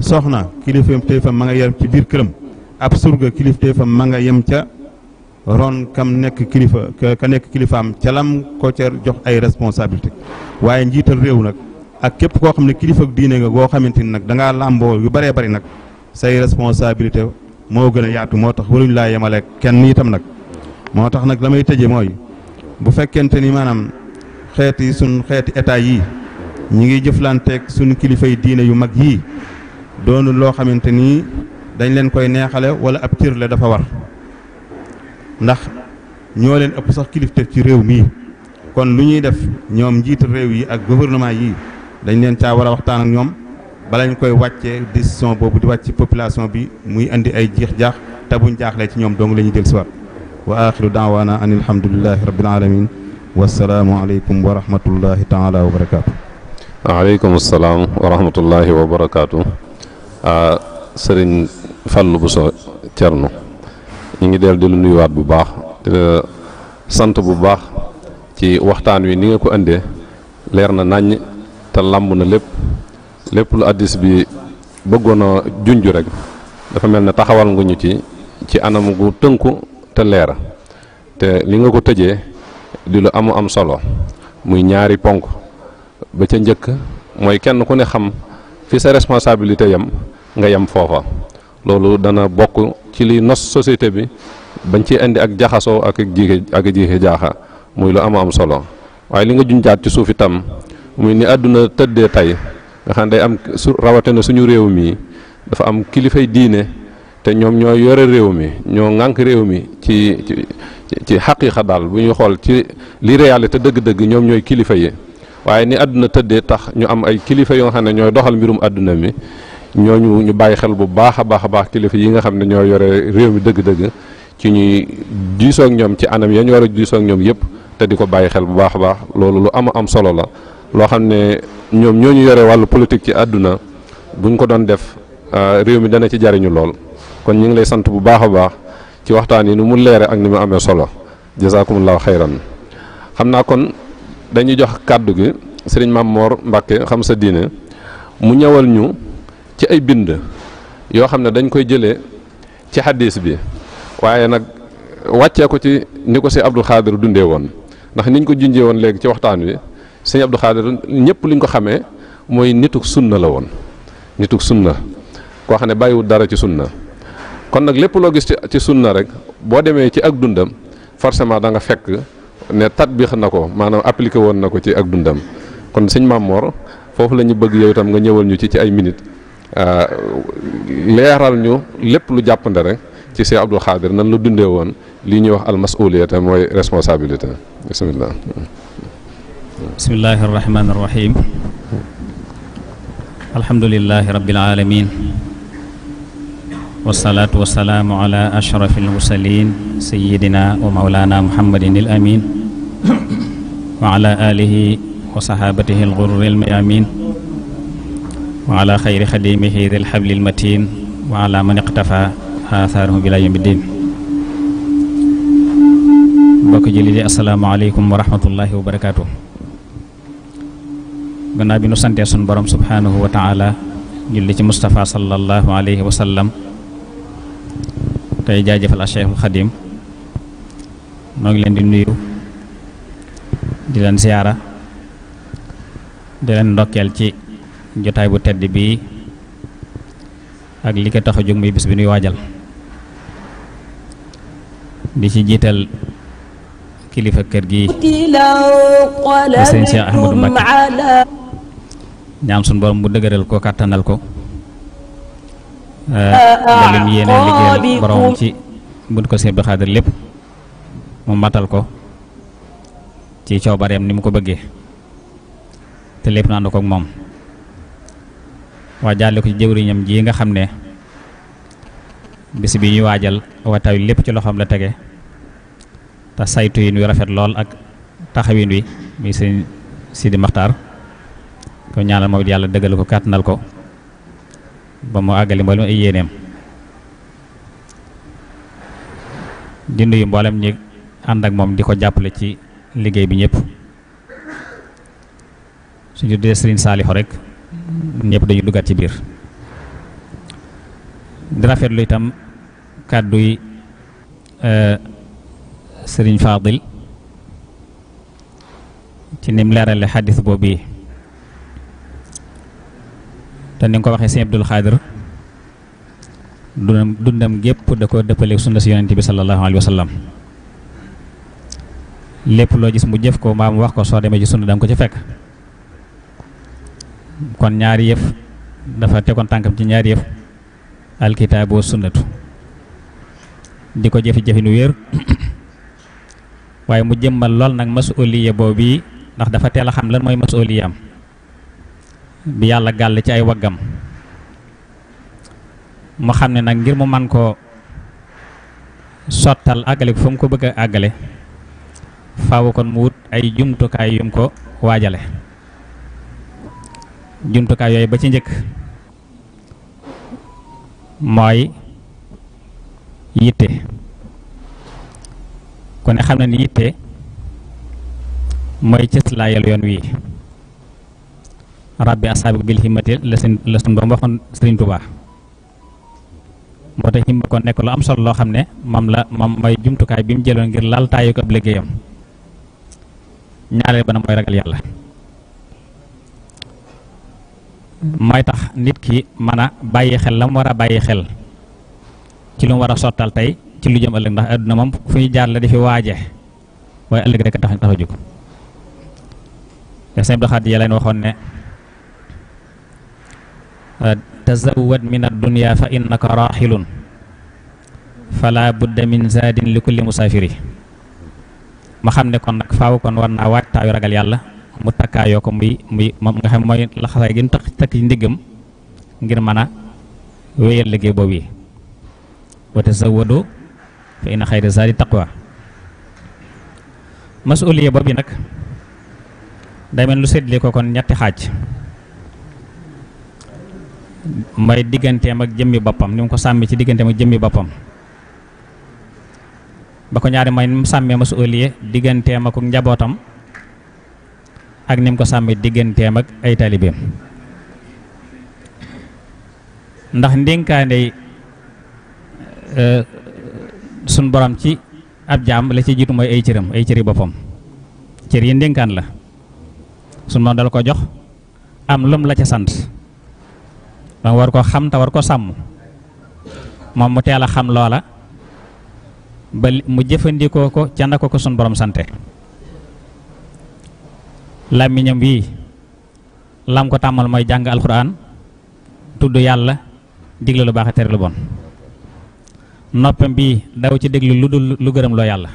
soxna kilifteefam ma nga yem ci biir këram ab surga kilifteefam ma nga yem ca ron kam nekk kilifa ka nekk kilifaam calam ko ca jox ay responsabilité waaye njiital réew nag ak képp koo xam ne kilifa diine nga goo xamante ni nag danga làmboo yu baree bari nag say responsabilité moo gën a yaatu moo tax waruñu laa yemale kenn itam nag moo tax nag la may tëje mooy bu fekkente ni maanaam xeeti suñ xeeti état yii ñi ngi jëflanteeg suñ kilifay diine yu mag yii doonu loo xamante nii dañ leen koy neexale wala ab cër dafa war ndax ñoo leen ëpp sax kilifteef ci réew mii kon lu ñuy def ñoom njiitu réew yi ak gouvernement yii dañ leen caa war a waxtaan ak ñoom bala ñu koy wàccee décision boobu di wàcc ci population bi muy indi ay jiix jaax te buñ jaaxlee ci ñoom dong la ñuy jël si waat wa axiru daawaana an alhamdulilahi rabbil alamin wasalaamu aleykum wa rahmatullahi taala wa barakaatu waaleykum salaam wa rahmatullahi wa barakaatu sëriñ Fallou Bousso ñu ngi dellu di lu nuyuwaat bu baax sant bu baax ci waxtaan wi ni nga ko indee leer na naññ te làmb na lépp lépp lu addis bi bëggoon a junj rek dafa mel ne taxawal nga ñu ci ci anam gu tënku te leera te li nga ko tëjee di lu amu am solo muy ñaari ponk ba ca njëkk mooy kenn ku ne xam fi sa responsabilité yam nga yem foofa loolu dana bokk ci liy nos société bi bañ ci indi ak jaxasoo ak jiixi ak jiixi jaaxa muy lu amu am solo waaye li nga junjaat ci suuf itam muy ni àdduna tëddee tey nga xam ne day am su rawatina suñu réew mii dafa am kilifay diine te ñoom ñooy yore réew mi ñoo ŋànk réew mi ci ci ci xaqiiqa daal bu ñuy xool ci li te dëgg-dëgg ñoom ñooy kilifa yi waaye ni àdduna tëddee tax ñu am ay kilifa yoo xam ne ñooy doxal mbirum àdduna mi ñooñu ñu bàyyi xel bu baax a baax a baax kilifa yi nga xam ne ñoo yore réew mi dëgg-dëgg ci ñuy diisoog ñoom ci anam ya ñu war a diisoog ñoom yëpp te di ko bàyyi xel bu baax a baax loolu lu am am solo la loo xam ne ñoom ñoo ñu yore wàllu politique ci àdduna buñ ko doon def euh, réew mi dana ci jariñu lool kon ñu ngi lay sant bu baax a baax ci waxtaan yi nu mu leere ak ni mu amee solo jazakumullahu xayran xam naa kon dañuy jox kàddu gi sëriñ mam Mor Mbacke xam sa diine mu ñëwal ñu ci ay bind yoo xam ne dañ koy jëlee ci xaddiis bi waaye nag wàccee ko ci ni ko si Abdul Xaadir dundee woon ndax niñ ko jinjee woon léegi ci waxtaan wi sëñ Abdou Khadir ñëpp li ñu ko xamee mooy nituk na la woon nituk sunna koo xam ne bàyyiwul dara ci sunna kon nag lépp loo gis ci sun na rek boo demee ci ak dundam forcément da nga fekk ne tatbiix na ko maanaam appliqué woon na ko ci ak dundam kon sëñ Mamor foofu la ñu bëgg yow itam nga ñëwal ñu ci ci ay minutes euh, leeral ñu lépp lu jàppande rek ci Cheikh Abdou Khadir nan la dundee woon li ñuy wax almasuliyata mooy responsabilité bismillah bismillahi arrahmani irrahim alhamdulilahi rabbil alamin wasalaatu wasalaamu ala ashrafi almursalin sayidina wa maulana muhammadin al amin wa ala alihi wa sahabatihi alxururi almayamin wa ala xayri xadimihi dil xabli almatin wa ala man iqtafa aathaarahu bila yawmi ddin mbokk jullit yi asalaamaaleykum wa rahmatullahi wa barakaatu gannaaw bi nu santee sun borom subhaanahu wa taala julli ci Moustapha sallallahu alayhi wa sallam tey jaajëfal ak Cheikhul Xadim noo ngi leen di nuyu di leen siyaara di leen ndokkeel ci jotaay bu tedd bii ak li ko tax jóg muy bis bi nuy waajal di ci jiital kilifa kër gi di sëñ Cheikh Ahmadou Mbacké dëgëral ko kàttanal ko ba lim yéene waa jàlle ko ci jëwriñam ji nga xam ne bis bi ñu waajal wataw lépp ci loxoom la tege te saytu yin wi rafet lool ak taxawin wi muy sëñ Sidi Maxtaar ko ñaanal moom yàlla dëggal ko kàttanal ko ba mu àggali mboolem ay yéeneem di nuyu mboolem ñi ànd ak moom di ko jàppale ci liggéey bi ñëpp suñu dee Sëriñ Saalixo rek ñépp dañu duggaat ci biir di rafetlu itam kàddu eh, sëriñ Fadil ci nim leerale xaddis boobu te ni nga ko waxee sëñ Abdul Xaadir dundam dundam gépp da ko dëppaleeg sunna si bi sallallahu alayhi wa sallam lépp loo gis mu jëf ko mbaa wax ko soo demee ci sunna danga ko ci fekk kon ñaar yëf dafa tegoon tànkam ci ñaar yëf alkitaabu sunnatu di ko jëfi jëfinu wéer waaye mu jëmmal lool nag masuliya boobu ndax dafa teel a xam lan mooy masuliyam bi yàlla gàll ci ay waggam mu xam ne nag ngir mu man koo sottal àggale ko fa mu ko bëgg a àggale faaw kon mu wut ay jumtukaay yum ko waajale jumtukaay yooyu ba ci njëkk mooy yitte ku ne xam na ni yitte mooy cëslaayal yoon wii rabbi asaabi bil himmati la seen la sun borom moo tax himma nekk lu am solo loo xam ne moom la moom jumtukaay bi mu jëloon ngir laltaayu ko ab liggéeyam ñaareel tax nit ki mën a bàyyi xel la mu war a bàyyi xel ci lu mu war sottal tey ci lu jëm ëllëg ndax adduna moom fu ñu jaar la di fi waaje waaye ëllëg rek tax tax a jóg sëñ Abdou Khadre leen waxoon ne tazawwad min ad-dunya fa innaka raaxilun fala budda min zaadin li kulli musaafiri ma xam ne kon nag faaw kon war naa waajtaayu ragal yàlla mu takkaayoo ko muy muy moom nga xam mooy laxasaay gi tax takk ci ndiggam ngir mën a wéyal liggéey boobu yi wa tazawwadu fa inna xayra zaadi taqwa masuliya bi nag day mel lu séddale ko kon ñetti xaaj mooy digganteem ak jëmmi boppam ni mu ko sàmmi ci digganteem ak jëmmi boppam ba ko ñaari mooy ni mu sàmmee masuliya digganteem ak njabootam ak ni ko sàmmee digganteem ak ay taalibeem ndax ndénkaane euh, suñ borom ci ab jaam la ci jiitu mooy ay cëram ay cëri boppam cër yi ndénkaan la suñ moom dala ko jox am lum la ca sant war ko xam war ko sàmm moom mu teel a xam loola ba mu jëfandikoo ko ca na ko ko suñ borom sante làmmiñam wii lam ko tàmmal mooy jàng alxuraan tudd yàlla digle lu baax a tere lu bon noppam bii daw ci déglu lu dul lu gërëm loo yàlla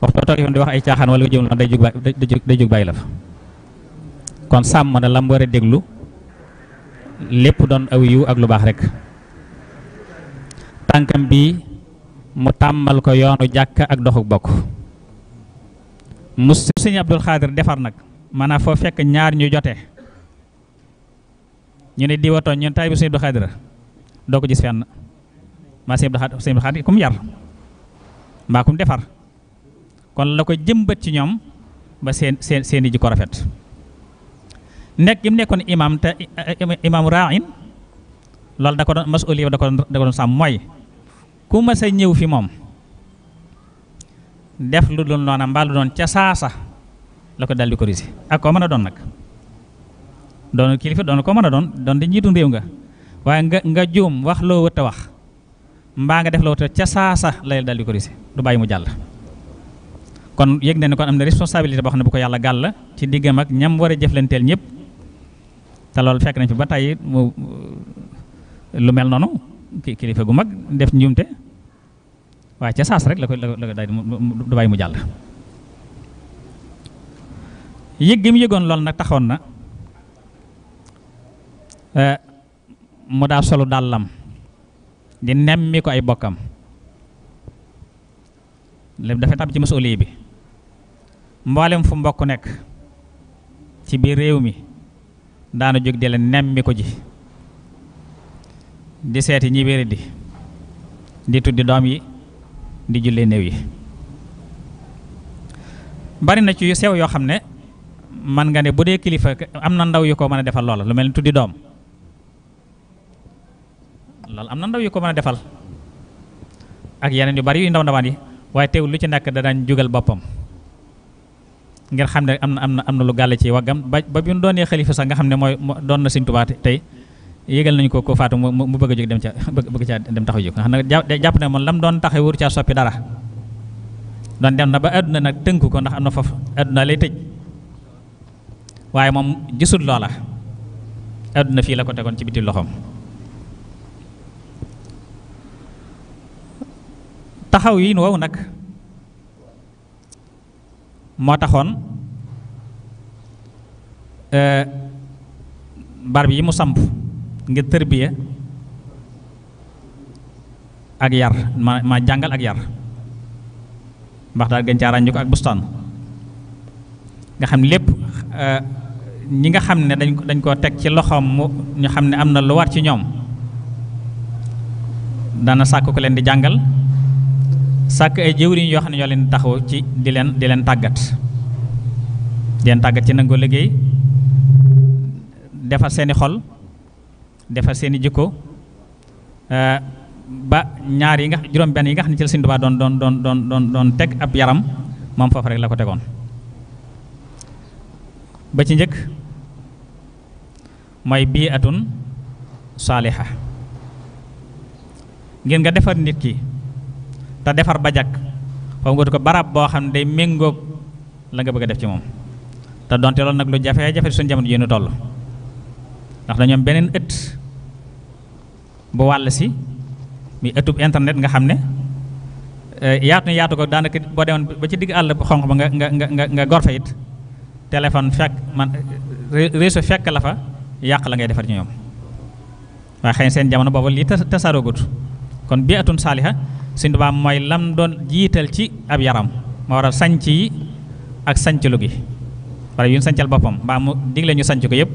waxtoo toog di wax ay caaxaan wala day jug day da bàyyi la fa kon sàmm na lam war a déglu lépp doon aw yiw ak lu baax rek tànkam bi mu tàmmal ko yoonu jàkk ak doxuk bokk mu sëñ Abdul Xaadir defar nag manaa foo fekk ñaar ñu jote ñu ne diwatoon ñun tay bi sëñ Abdul Xaadir doo ko gis fenn maa sëñ Abdou Khadr sëñ Abdou Khadr kum yar mbaa kum defar kon la ko jëmbat ci ñoom ba seen seen seen i jikko rafet nekk gi mu nekkoon imaam te eh, imaam raain loolu da ko doon masuliya da ko da ko doon sàmm mooy ñëw fi moom def lu dul noona mbaa doon ca la ko dal di corrigé ak koo mën a doon nag doon kilifa doon koo mën a doon doon di njiitu réew nga waaye nga juum wax loo wëtt wax mbaa nga def la wute ca saasa lay dal di ko rise du bàyyi mu jàll kon yég na ne kon am na responsabilité boo xam ne bu ko yàlla gàll ci diggam ak ñam war a jëflanteel ñëpp te loolu fekk nañ fi ba tey mu lu mel noonu kilifa gu mag def njuumte waaye ca saas rek la ko la ko daal du bàyyi mu jàll yëg gi mu yëgoon loolu nag taxoon na eh, mu daa solu dàllam di nemmi ko ay bokkam lépp dafa tab ci masuuliya bi mboolem fu mbokk nekk ci biir réew mi daana jóg di la nemmi ko ji di seeti ñi di di tuddi doom yi di jullee néew yi bari na ci yu sew yoo xam ne man nga ne bu dee kilifa am na ndaw yu ko mën a defal lool lu mel ni tuddi doom loolu am na ndaw yu ko mën a defal ak yeneen yu bari yu ndaw ndawaan yi waaye teewul lu ci nekk da daan jógal boppam ngir xam ne am na am na am na lu gàll ci waggam ba ba bi mu doonee xalifa sax nga xam ne mooy doon na Sëñ Tuubaa tey yégal nañu ko ko faatu mu mu bëgg a jóg dem ca bëgg caa dem taxaw jóg nga xam ne jàpp ne moom lam doon taxaw wër caa soppi dara doon dem na ba àdduna nag tënk ko ndax am na foofu àdduna lay tëj waaye moom gisul loola àdduna fii la ko tegoon ci biti loxoom taxaw yi nu wow nag moo taxoon euh, barab yi mu samp ngir tërbiya ak yar ma ma jàngal ak yar mbax daal gën caa ràññu ko ak bustaan nga xam lépp euh, ñi nga xam ne dañ dañ koo teg ci loxoom mu ñu xam ne am na lu war ci ñoom dana sàkk ko leen di jàngal sàkk ay jëwriñ yoo xam ne ñoo leen taxaw ci di leen di leen tàggat den leen tàggat ci nangoo liggéey defar seeni xol defar seeni jikko eh, ba ñaar yi nga juróom benn yi nga xam ne ci la Sëñ doon doon doon doon doon doon teg ab yaram moom foofu rek la ko tegoon ba ci njëkk mooy bii atun saaliha ngeen nga defar nit ki te defar ba jàkk foofu nga ko baraab boo xam ne day méngoog la nga bëgg def ci moom te donte lool nag lu jafee jafe suñu jamono ji ñu toll ndax dañoo beneen ëtt bu wàll si muy ëttub internet nga xam ne eh, yaatu yaatu ko daanaka boo demoon ci digg àll bu xonq ba nga nga nga nga gorfe it téléphone fekk man réseau fa yàq la ngay defar ci ñoom waaye seen jamono boobu lii tasaroogut kon bi atun saaliha Sëñ Tuubaa mooy lam doon jiital ci ab yaram moo waral sanc yi ak sanclu gi wala yu ñu sancal boppam mbaa mu digle ñu sanc ko yëpp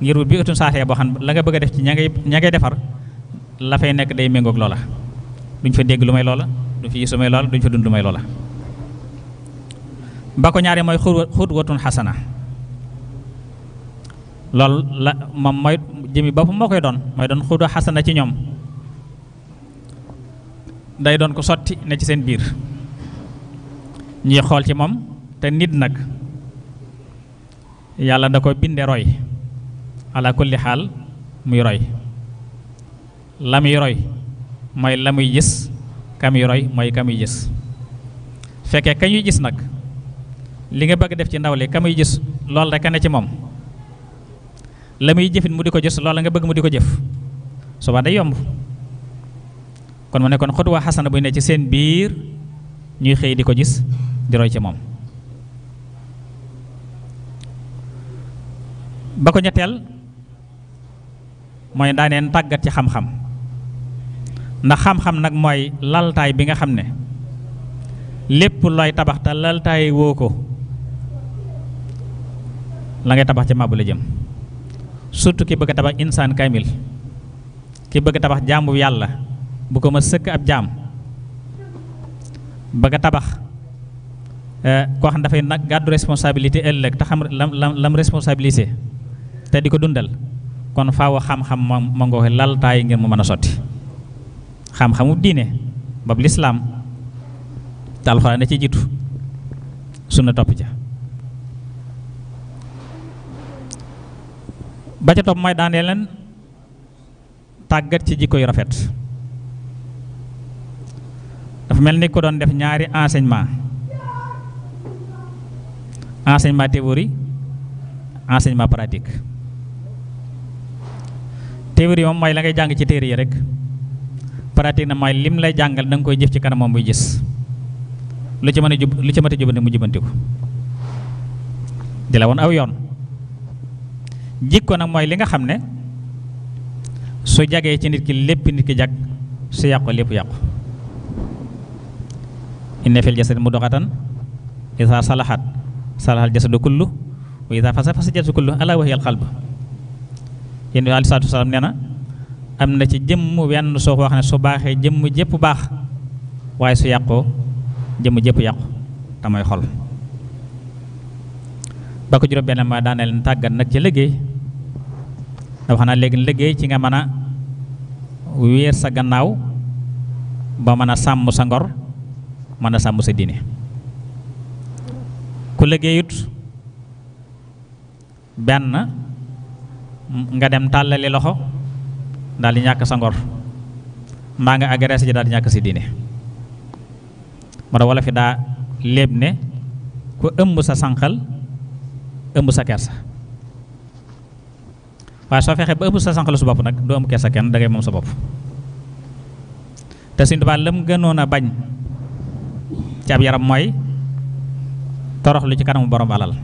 ngir wut bi utum saatee boo xam la nga bëgg a def ci ña ngay ña ngay defar la fay nekk day méngoog loola duñ fa dégg lu may loola duñ fa gis lu may loola duñ fa dund lu may loola ba ko ñaari mooy xudwatun xasana loolu la moom mooy jëmi boppam moo koy doon mooy doon xudwa xasana ci ñoom day doon ko sotti ne ci seen biir ñuy xool ci moom te nit nag yàlla da ko binde roy ala kulli xaal muy roy la muy roy mooy la muy gis ka roy mooy ka muy gis fekkee ka ñuy gis nag li nga bëgg def ci ndaw li ka muy gis loolu rek a ne ci moom la muy jëfit mu di ko jës lool la nga bëgg mu di ko jëf suba day yomb kon mu kon xutwa xasana buy ne ci seen biir ñuy xëy di ko gis di roy ci moom ba ko ñetteel mooy daaneen tàggat ci xam-xam ndax xam-xam nag mooy laltaay bi nga xam ne lépp looy tabax te laltaay woo ko la ngay tabax ci màbbu la jëm surtout ki bëgg a tabax insaan kamil ki bëgg tabax jaamu yàlla bu ko ma sëkk ab jaam ba nga tabax eh, koo xam dafay nag gàddu responsabilité ëllëg te xam lam lam lam responsabilité te di ko dundal kon faaw xam-xam ma ma ngoo laltaay ngir mu mën a sotti xam-xamu diine bab lislaam te alxuraan da ci jiitu sunna topp ja ba ca topp mooy daanee tàggat ci jikko yu rafet dafa mel ni ko doon def ñaari enseignement enseignement théorie enseignement pratique théorie moom mooy la ngay jàng ci téere yi rek pratique na mooy lim lay jàngal da nga koy jëf ci kanam moom buy gis lu ci mën a jub lu ci mën a jubante mu jubanti ko di la woon aw yoon jikko nag mooy li nga xam ne su jagee ci nit ki lépp nit ki jag su yàqu lépp yàqu inna fil jasadi mudghatan idha salahat salahal jasadu kullu wa idha fasada fasada jasadu kullu ala wa hiya al qalb yéen bi wasalaam nee na am na ci jëmm wenn soo wax ne su baaxee jëmm jépp baax waaye su yàqoo jëmm jëpp yàqu damay xol ba ko juróom benn ma daane tàggat nag ci liggéey da wax naa léegi liggéey ci nga mën a wéer sa gannaaw ba mën a sàmm sa ngor mën a sàmm sa diine ku liggéeyut benn nga dem tàllali loxo daal di ñàkk sa ngor maa ngi agressé ji daal di ñàkk si diine moo tax walla fi daa léeb ne ku ëmb sa sànqal ëmb sa kersa waaye soo fexee ba ëmb sa sànqal su bopp nag du ëmb kersa kenn dangay moom sa bopp te Sëñ Tuubaa lam gënoon bañ ci yaram mooy toroxlu ci kanamu borom alal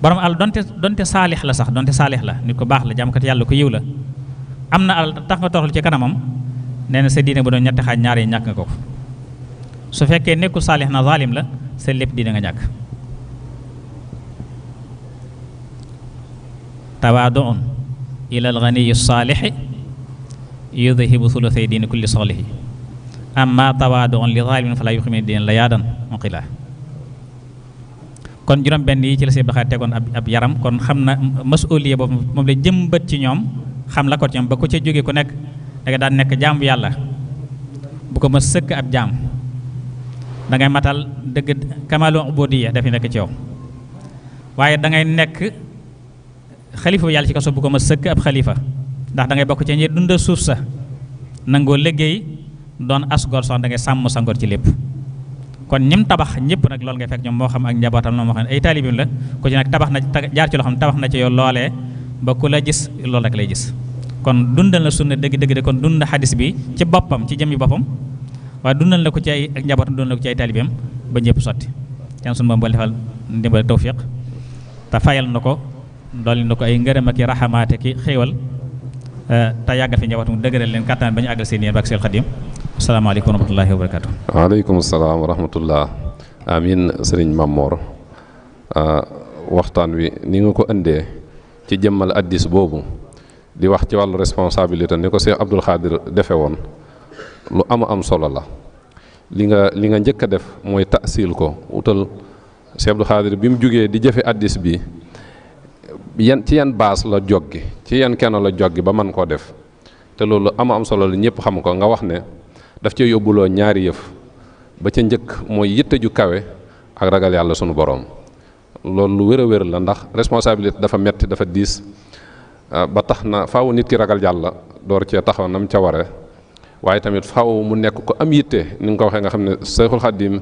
borom alal donte donte saalix la sax donte saalix la nit ko baax la jàmmkat yàlla ko yiw la am na alal tax nga toroxlu ci kanamam nee na sa diine bu doon ñetti xaaj ñaar yi ñàkk nga ko su fekkee nekkul saalix na zaalim la sa lépp diine nga ñàkk tawaaduun ila al ganiyi saalixi yudhibu sulusay diine kulli soxlihi amma tawaadoon li zaalimin falaa yuxmini diin la yaadan muqila kon juróom benn yi ci la seen baxaat tegoon ab ab yaram kon xam na masuliya boobu moom la jëmbat ci ñoom xam la ko ci ñoom ba ku ca jóge ku nekk da nga nekk jaam bu ko ma sëkk ab jaam matal dëgg kamaalu ubudiya dafa nekk ci yow waaye da nekk xalifa yàlla ci kaso bu ko ma sëkk ab xalifa ndax da bokk ci ñi dunda suuf sa nangoo liggéey doon as gor soxna da ngay sàmm sa ci lépp kon ñim tabax ñëpp nag loolu ngay fekk ñoom moo xam ak njabootam la moo xam ay taalibim la ko ci nag tabax na jaar ci loo xam tabax na ci yoon loolee ba ku la gis loolu rek lay gis kon dundal na sunna dëgg-dëgg de kon dund xadis bi ci boppam ci jëmmi boppam waaye dundal na ko ci ay ak njabootam dundal taalibim ba ñëpp sotti yan sunu moom ba defal ndimbal tawfiq te fayal na ko dolli na ko ay ngërëm ak i raxamaate ki xéewal eh, te yàggal fi njabootam dëgëral leen kattan ba ñu àggal seen salaamaaleykum wa rahmatullahi wa barakaatu. waaleykum salaam wa rahmatullah amin sëriñ Mamor ah, waxtaan wi ni nga ko indee ci jëmmal addis boobu di wax ci wàllu responsabilité ni ko Cheikh Abdoul Khadir defe woon lu am am solo la li nga li nga njëkk a def mooy tasil ko wutal Cheikh Abdoul Khadir bi mu jógee di jëfe addis bi yan ci yan baas la joggi ci yan kenn la joggi ba mën koo def te loolu am am solo la ñëpp xam ko nga wax ne daf cee yóbbuloo ñaari yëf ba ca njëkk mooy yitte ju kawe ak ragal yàlla sunu boroom loolu lu wér a wér la ndax responsabilité dafa metti dafa diis ah, ba tax na faw nit ki ragal yàlla door cee taxaw nam ca ware waaye tamit faw mu nekk ko am yitte ni nga ko waxee nga xam ne Seexul Xaddim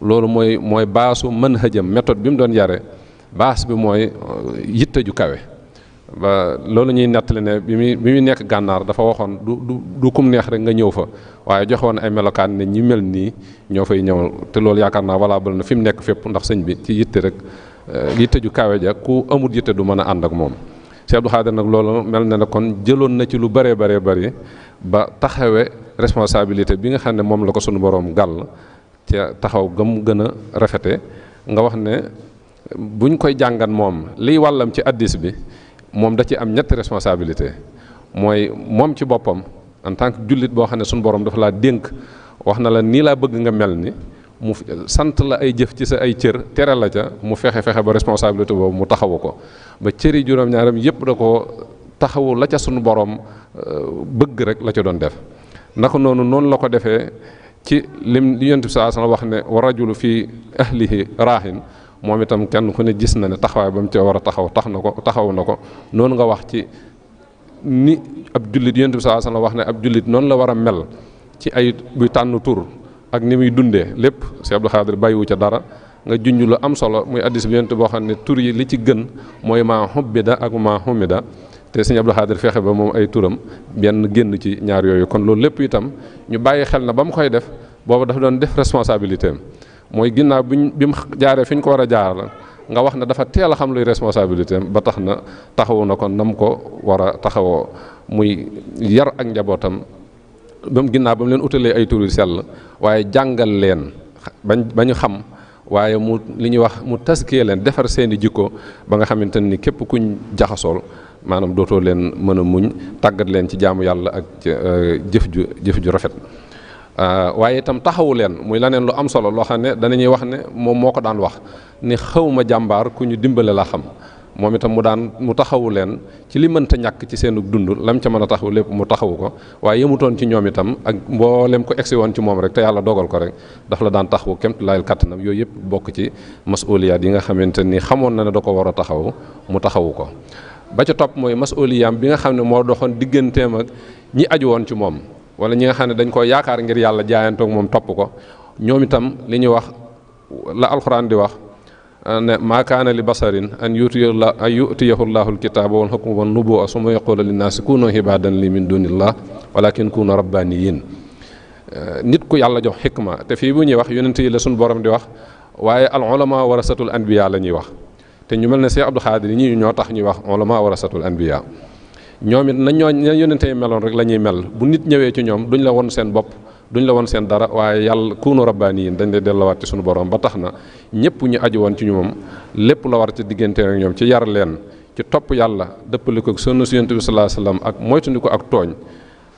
loolu mooy mooy baasu mën hëjam méthode bi mu doon yare baas bi mooy uh, yitte ju kawe ba loolu ñuy nettali ne bi muy bi muy nekk gànnaar dafa waxoon du du du kum neex rek nga ñëw fa waaye joxoon ay melokaan ne ñi mel nii ñoo fay ñëw te loolu yaakaar naa valable na fi mu nekk fépp ndax sëñ bi ci yitte rek euh, yitte ju kaawe ja ku amul yitte du mën a ànd ak moom Cheikh Abdou Khadir nag loolu mel na ne kon jëloon na ci lu bëree bëree bëri ba taxawe responsabilité bi nga xam ne moom la ko sunu borom gàll ca taxaw gëm gën a rafete nga wax ne buñ koy jàngat moom liy wàllam ci addis bi moom da ci am ñetti responsabilité mooy moom ci boppam en tant que jullit boo xam ne suñu borom dafa laa dénk wax na la nii laa bëgg nga mel ni mu sant la ay jëf ci sa ay cër tere la ca mu fexe fexe ba responsabilité boobu mu taxawu ko ba cëri juróom-ñaaram yépp da ko taxawu la ca suñu borom euh, bëgg rek la ca doon def ndax noonu noonu la ko defee ci lim li yonent bi saa wax ne wa rajulu fi ahlihi raahin moom itam kenn ku ne gis na ne taxawaay ba mu cee war a taxaw tax na ko taxaw na ko noonu nga wax ci ni ab jullit yonent bi sallallahu alayhi wasallam wax ne ab jullit noonu la war a mel ci ay buy tànn tur ak ni muy dundee lépp Sëñ Abdou Khadir bàyyiwu ca dara nga junj lu am solo muy addis bi yonent boo xam ne tur yi li ci gën mooy maa hubbida ak maa humida te Sëñ Abdou Khadir fexe ba moom ay turam benn génn ci ñaar yooyu kon loolu lépp itam ñu bàyyi xel na ba mu koy def booba dafa doon def responsabilité mooy ginnaaw ñu bi mu jaaree fi ñu ko war a jaar la nga wax ne dafa teel a xam luy responsabilité ba tax na taxawu na ko nam ko war a taxawoo muy yar ak njabootam ba mu ginnaaw ba mu leen utalee ay tur yu sell waaye jàngal leen bañ ba ñu xam waaye mu li ñuy wax mu taskiyee leen defar seeni jikko ba nga xamante ni képp kuñ jaxasool maanaam dootoo leen mën a muñ tàggat leen ci jaamu yàlla ak euh, jëf ju jëf ju rafet Euh, waaye itam taxawu leen muy leneen lu am solo loo xam ne danañuy wax ne moom moo ko daan wax ni xawma jàmbaar ku ñu dimbale laa xam moom itam mu daan mu taxawu leen ci li mën te ñàkk ci seenu dund lam ca mën a taxaw lépp mu taxawu ko waaye yemutoon ci ñoom itam ak mboolem ko egsi woon ci moom rek te yàlla dogal ko rek daf la daan taxawu kemt layal kàttanam yooyu yëpp bokk ci mas masuliyaat yi nga xamante ni xamoon na ne da ko war a taxaw mu taxawu ko ba ca topp mooy masuliyaam bi nga xam ne moo doxoon digganteem ak ñi aju woon ci moom wala ñi nga xam ne dañ koo yaakaar ngir yàlla jaayantoog moom topp ko ñoom itam li ñuy wax la alxuraan di wax ne maa kaana li basarin an yutiya an yutiyahu llahu alkitaaba wal hukma wan nubuwa summa yaqulu linnaasi kunu ibadan li min dunillah walakin kunu rabbaniyin nit ku yàlla jox xikma te fii bu ñuy wax yonent yi la suñu borom di wax waaye al ulama warasatul anbiya la ñuy wax te ñu mel na Cheikh Abdou Khadir ñii ñoo tax ñuy wax ulama warasatul anbiya ñoom it na ñoo na yonente meloon rek la ñuy mel bu nit ñëwee ci ñoom duñ la won seen bopp duñ la won seen dara waaye yàlla kuunu rabbaani yi dañ lay delluwaat ci suñu borom ba tax na ñëpp ñu aju woon ci ñu moom lépp la war ci diggante ak ñoom ci yar leen ci topp yàlla dëppale ko sunna su yonent bi sallallahu alayhi wasallam ak moytu ko ak tooñ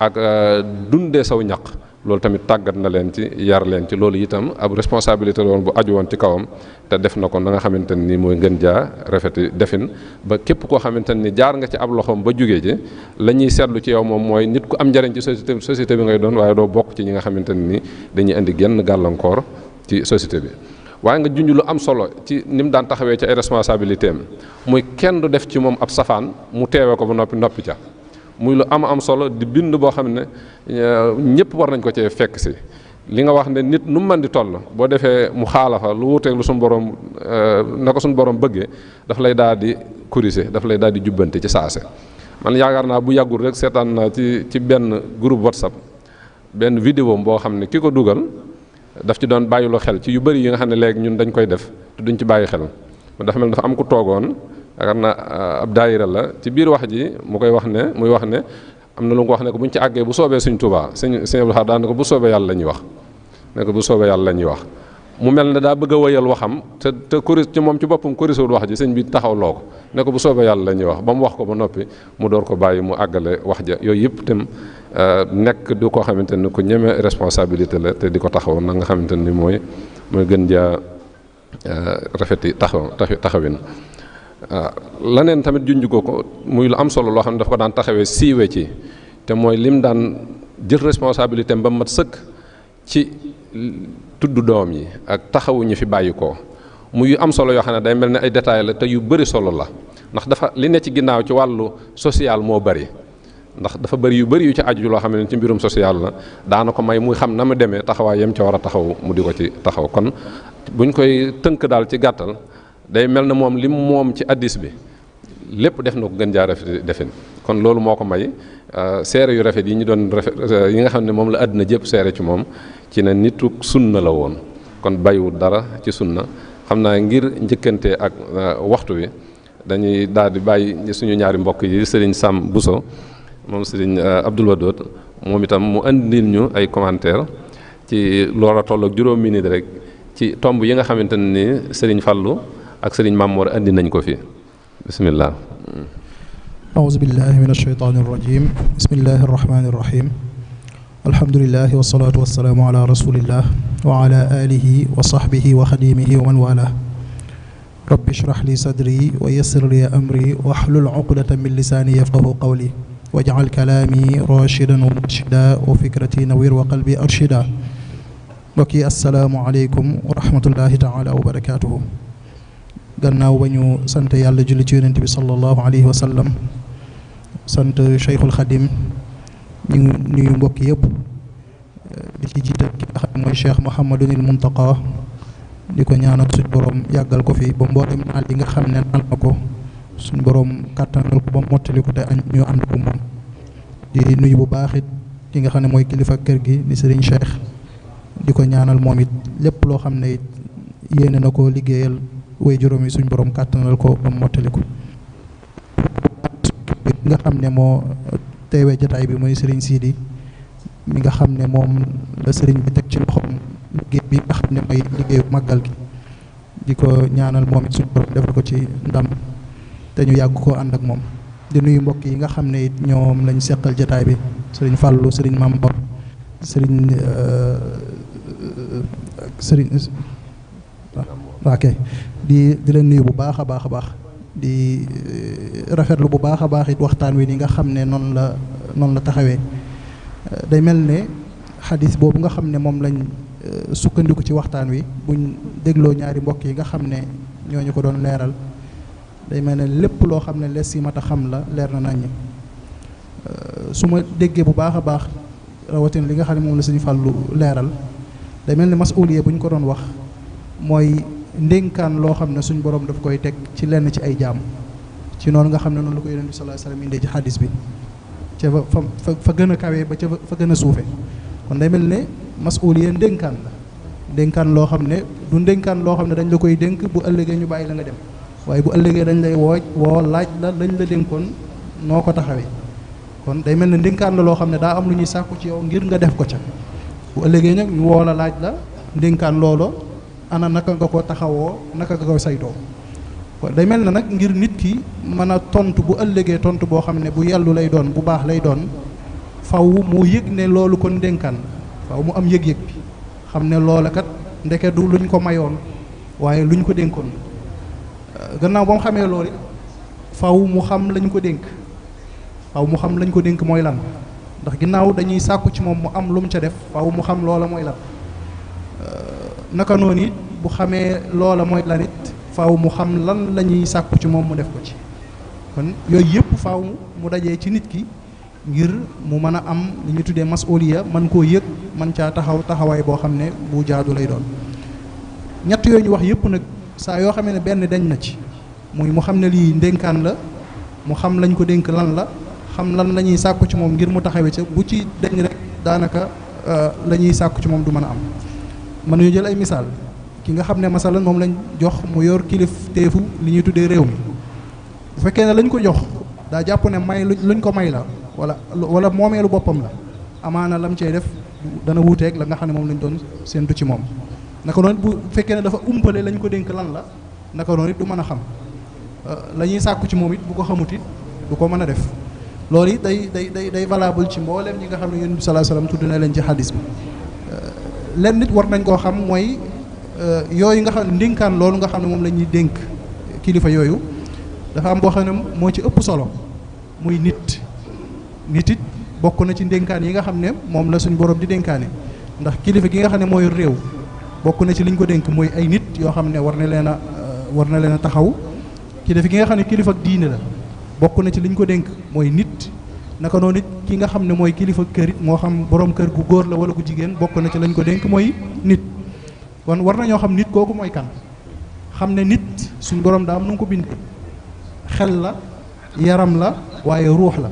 ak euh, dundee saw ñaq loolu tamit tàggat na leen ci yar leen ci loolu itam ab responsabilité loon bu aju woon ci kawam te def na ko na nga xamante ni mooy ngën jaa rafeti defin ba képp koo xamante ni jaar nga ci ab loxoom ba jugee ji la ñuy seetlu ci yow moom mooy nit ku am njariñ ci société société bi ngay doon waaye doo bokk ci ñi nga xamante ni dañuy indi genn gàllankoor ci société bi waaye nga junj lu am solo ci ni mu daan taxawee ci ay responsabilité am muy kenn du def ci moom ab safaan mu teewee ko ba noppi noppi ca muy lu am am solo di bind boo xam ne euh, ñëpp war nañ ko cee fekk si li nga wax ne nit nu mu mën di toll boo defee mu xaalafa lu wuuteeg lu suñu borom euh, na ko suñu borom bëggee daf lay daal di corriger daf lay daal di jubbante ci saase. man yaakaar naa bu yàggul rek seetaan naa ci ci benn groupe whatsapp benn vidéo boo xam ne ki ko dugal daf ci doon bàyyi bàyyiloo xel ci yu bëri yi nga xam ne léegi ñun dañ koy def te duñ ci bàyyi xel dafa mel dafa am ku toogoon. yaakaar naa ah, ab daayira la ci biir wax ji mu koy wax ne muy wax ne am na lu mu ko wax ne ko bu ñu ci àggee bu soobee suñ tubaa sëñ sëñ Abdou Khadre daan ko bu soobee yàlla la wax ne bu soobee yàlla la ñuy wax mu mel ne daa bëgg a wëyal waxam te te kuris ci moom ci boppam kurisewul wax ji sëñ bi taxawloo loo ko ne ko bu soobee yàlla la wax ba mu wax ko ba noppi mu door ko bàyyi mu àggale wax ja yooyu yëpp itam ah, nekk du koo xamante ni ko ñeme responsabilité la te di ko taxaw na nga xamante ni mooy mooy gën jaa ah, rafeti taxaw taxawin waaw euh, leneen tamit junj ko ko muy lu am solo loo xam ne dafa ko daan taxawee siiwee ci te mooy lim daan jël responsabilité ba mat sëkk ci tudd doom yi ak taxawuñu fi bàyyikoo muy yu am solo yoo xam ne day mel ni ay détails la te yu bari solo la ndax dafa li ne ci ginnaaw ci wàllu social moo bari ndax dafa bari yu bari yu ci aju loo xam ne ci mbirum social la daana ko may muy xam na ma demee taxawaay yam ca war a taxaw mu di ko ci taxaw kon buñ koy tënk daal ci gàttal. day mel na moom lim moom ci addis bi lépp def na ko gën jaa rafet defin kon loolu moo ko may euh, seere yu rafet yi ñu doon rafet euh, yi nga xam ne moom la àddina jëpp seere ci moom ci ne nitu na la woon kon bàyyiwul dara ci sunna xam naa ngir njëkkante ak euh, waxtu wi dañuy daal di bàyyi suñu ñaari mbokk yi sëriñ Sam Bousso moom sëriñ Abdoul Wadoud moom itam mu indi ñu ay commentaire ci loola toll ak juróom minute rek ci tomb yi nga xamante ne ni sëriñ Fallou ak sëriñ Mamour andi nañ ko fi bisimilah. auzu billahi min ashaytaani rajim bismillahi rahmaani rahim alhamdulilahi wasalaatu wasalaamu ala rasulillah wa ala alihi wa sahbihi wa xadimihi wa man wala rabbi shrah li sadri wa yassir li amri wahlul uqdata min lisaani yafqahu qawli wajcal kalaami rashidan wa murshida wa fikrati nawir wa qalbi arshida mbokk yi asalaamu aleykum wa rahmatullahi taala wa barakatuhu gannaaw ba ñu sant yàlla julli ci yonent bi sallallahu alayhi wa sallam sant Cheikhul Khadim ñu nuyu mbokk yëpp di ci jiital ki nga xam mooy Cheikh Mouhamadunil Muntaqa di ko ñaanal suñ borom yàggal ko fi ba mboolem naal yi nga xam ne naal ko suñ borom kàttanal ko ba mottali ko te ñu ànd ko moom di nuy bu baax it ki nga xam ne mooy kilifa kër gi di Serigne Cheikh di ko ñaanal moom it lépp loo xam ne it yéene na ko liggéeyal. way juróom yi suñ borom kàttanal ko ba mottali ko nga xam ne moo teewee jataay bi mooy sëriñ Sidi mi nga xam ne moom la sëriñ bi teg ci loxoom liggéey bi nga xam ne mooy liggéeyu màggal gi di ko ñaanal moom it suñ borom defal ko ci ndam te ñu yàgg ko ànd ak moom di nuyu mbokk yi nga xam ne it ñoom lañ seqal jataay bi sëriñ Fallou sëriñ Mamor sëriñ sëriñ ok di di leen nuyu bu baax a baax a baax di eh, rafetlu bu baax a baax it waxtaan wi ni nga xam ne noonu la noonu la taxawee eh, day mel ne xadis boobu nga xam ne moom lañ eh, sukkandiku ci waxtaan wi buñ dégloo ñaari mbokk yi nga xam ne ñoo ñu ko doon leeral day mel ne lépp loo xam ne les si mat a xam la leer na naññ su ma déggee bu baax a baax rawatina li nga xam ne moom la suñu fàllu leeral day mel ne masuliye bu ñu ko doon wax mooy ndénkaan loo xam ne suñ borom daf koy teg ci lenn ci ay jaam ci noonu nga xam ne noonu la ko yonent bi sallallahu alayhi ci xadis bi ca fa fa fa gën a kawee ba ca fa gën a suufe kon day mel ne masuuliya ndénkaan la ndénkaan loo xam ne du loo xam ne dañ la koy dénk ëllëgee ñu bàyyi la nga dem waaye bu ëllëgee dañ lay wooj woo laaj la lañ la dénkoon noo ko taxawee kon day mel ne ndénkaan loo xam ne daa am lu ñuy sàkku ci yow ngir nga def ko ca bu ëllëgee nag ñu woo la laaj la ndénkaan loolo ana naka nga ko taxawoo naka nga ko saytoo day mel na nag ngir nit ki mën a tontu bu ëllëgee tontu boo xam ne bu yàllu lay doon bu baax lay doon faw mu yëg ne loolu kon dénkaan faw mu am yëg-yëg bi xam ne loola kat ndeke du luñ ko mayoon waaye luñ ko dénkoon euh, gannaaw ba mu xamee loolu faw mu xam lañ ko dénk faw mu xam lañ ko dénk mooy lan ndax ginnaaw dañuy sàkku ci moom mu am lu mu ca def faw mu xam loola mooy lan naka noonu it bu xamee loola mooy lan it faaw mu xam lan lañuy sàkku ci moom mu def ko ci kon yooyu yëpp faw mu dajee ci nit ki ngir mu mën a am li ñu tuddee mas masuliya man koo yëg man caa taxaw taxawaay boo xam ne bu jaadu lay doon ñett yooyu ñu wax yëpp nag saa yoo xamee ne benn dañ na ci muy mu xam ne lii ndénkaan la mu xam lañ ko dénk lan la xam lan lañuy ñuy sàkku ci moom ngir mu taxawe ca bu ci dañ rek daanaka euh, la ñuy sàkku ci moom du mën a am mën nañu jël ay misaal ki nga xam ne masalan moom lañu jox mu yor kilif teefu li ñuy tuddee réew mi bu fekkee ne lañ ko jox daa jàpp ne may luñ ko may la wala wala moomeelu boppam la amaana lam cey def dana wuuteeg la nga xam ne moom lañ doon séentu ci moom naka noonu bu fekkee ne dafa umpale lañ ko dénk lan la naka noonu it du mën a xam euh, la ñuy sàkku ci moom it bu ko xamut it du ko mën a def loolu it day day day valable ci mbooleem ñi nga xam ne yonent bi sallallahu alayhi tudd na leen ci lenn nit war nañ koo xam mooy euh, yooyu nga xam ne ndénkaan loolu nga xam ne moom la dénk kilifa yooyu dafa am boo moo ci ëpp solo muy nit nit bokk na ci ndénkaan yi nga xam ne moom la suñ borom di dénkaane ndax kilifa gi nga xam ne mooy réew bokk na ci liñ ko dénk mooy ay nit yoo xam ne war na leen a euh, war na leen a taxaw kilifa gi nga xam ne kilifa ak diine la bokk na ci liñ ko dénk mooy nit naka noonu it ki nga xam ne mooy kilifa kër it moo xam boroom kër gu góor la wala gu jigéen bokk na ci lañ ko denk mooy nit kon war na ñoo xam nit kooku mooy kan xam ne nit suñ borom daa am nu ko bind xel la yaram la waaye ruux la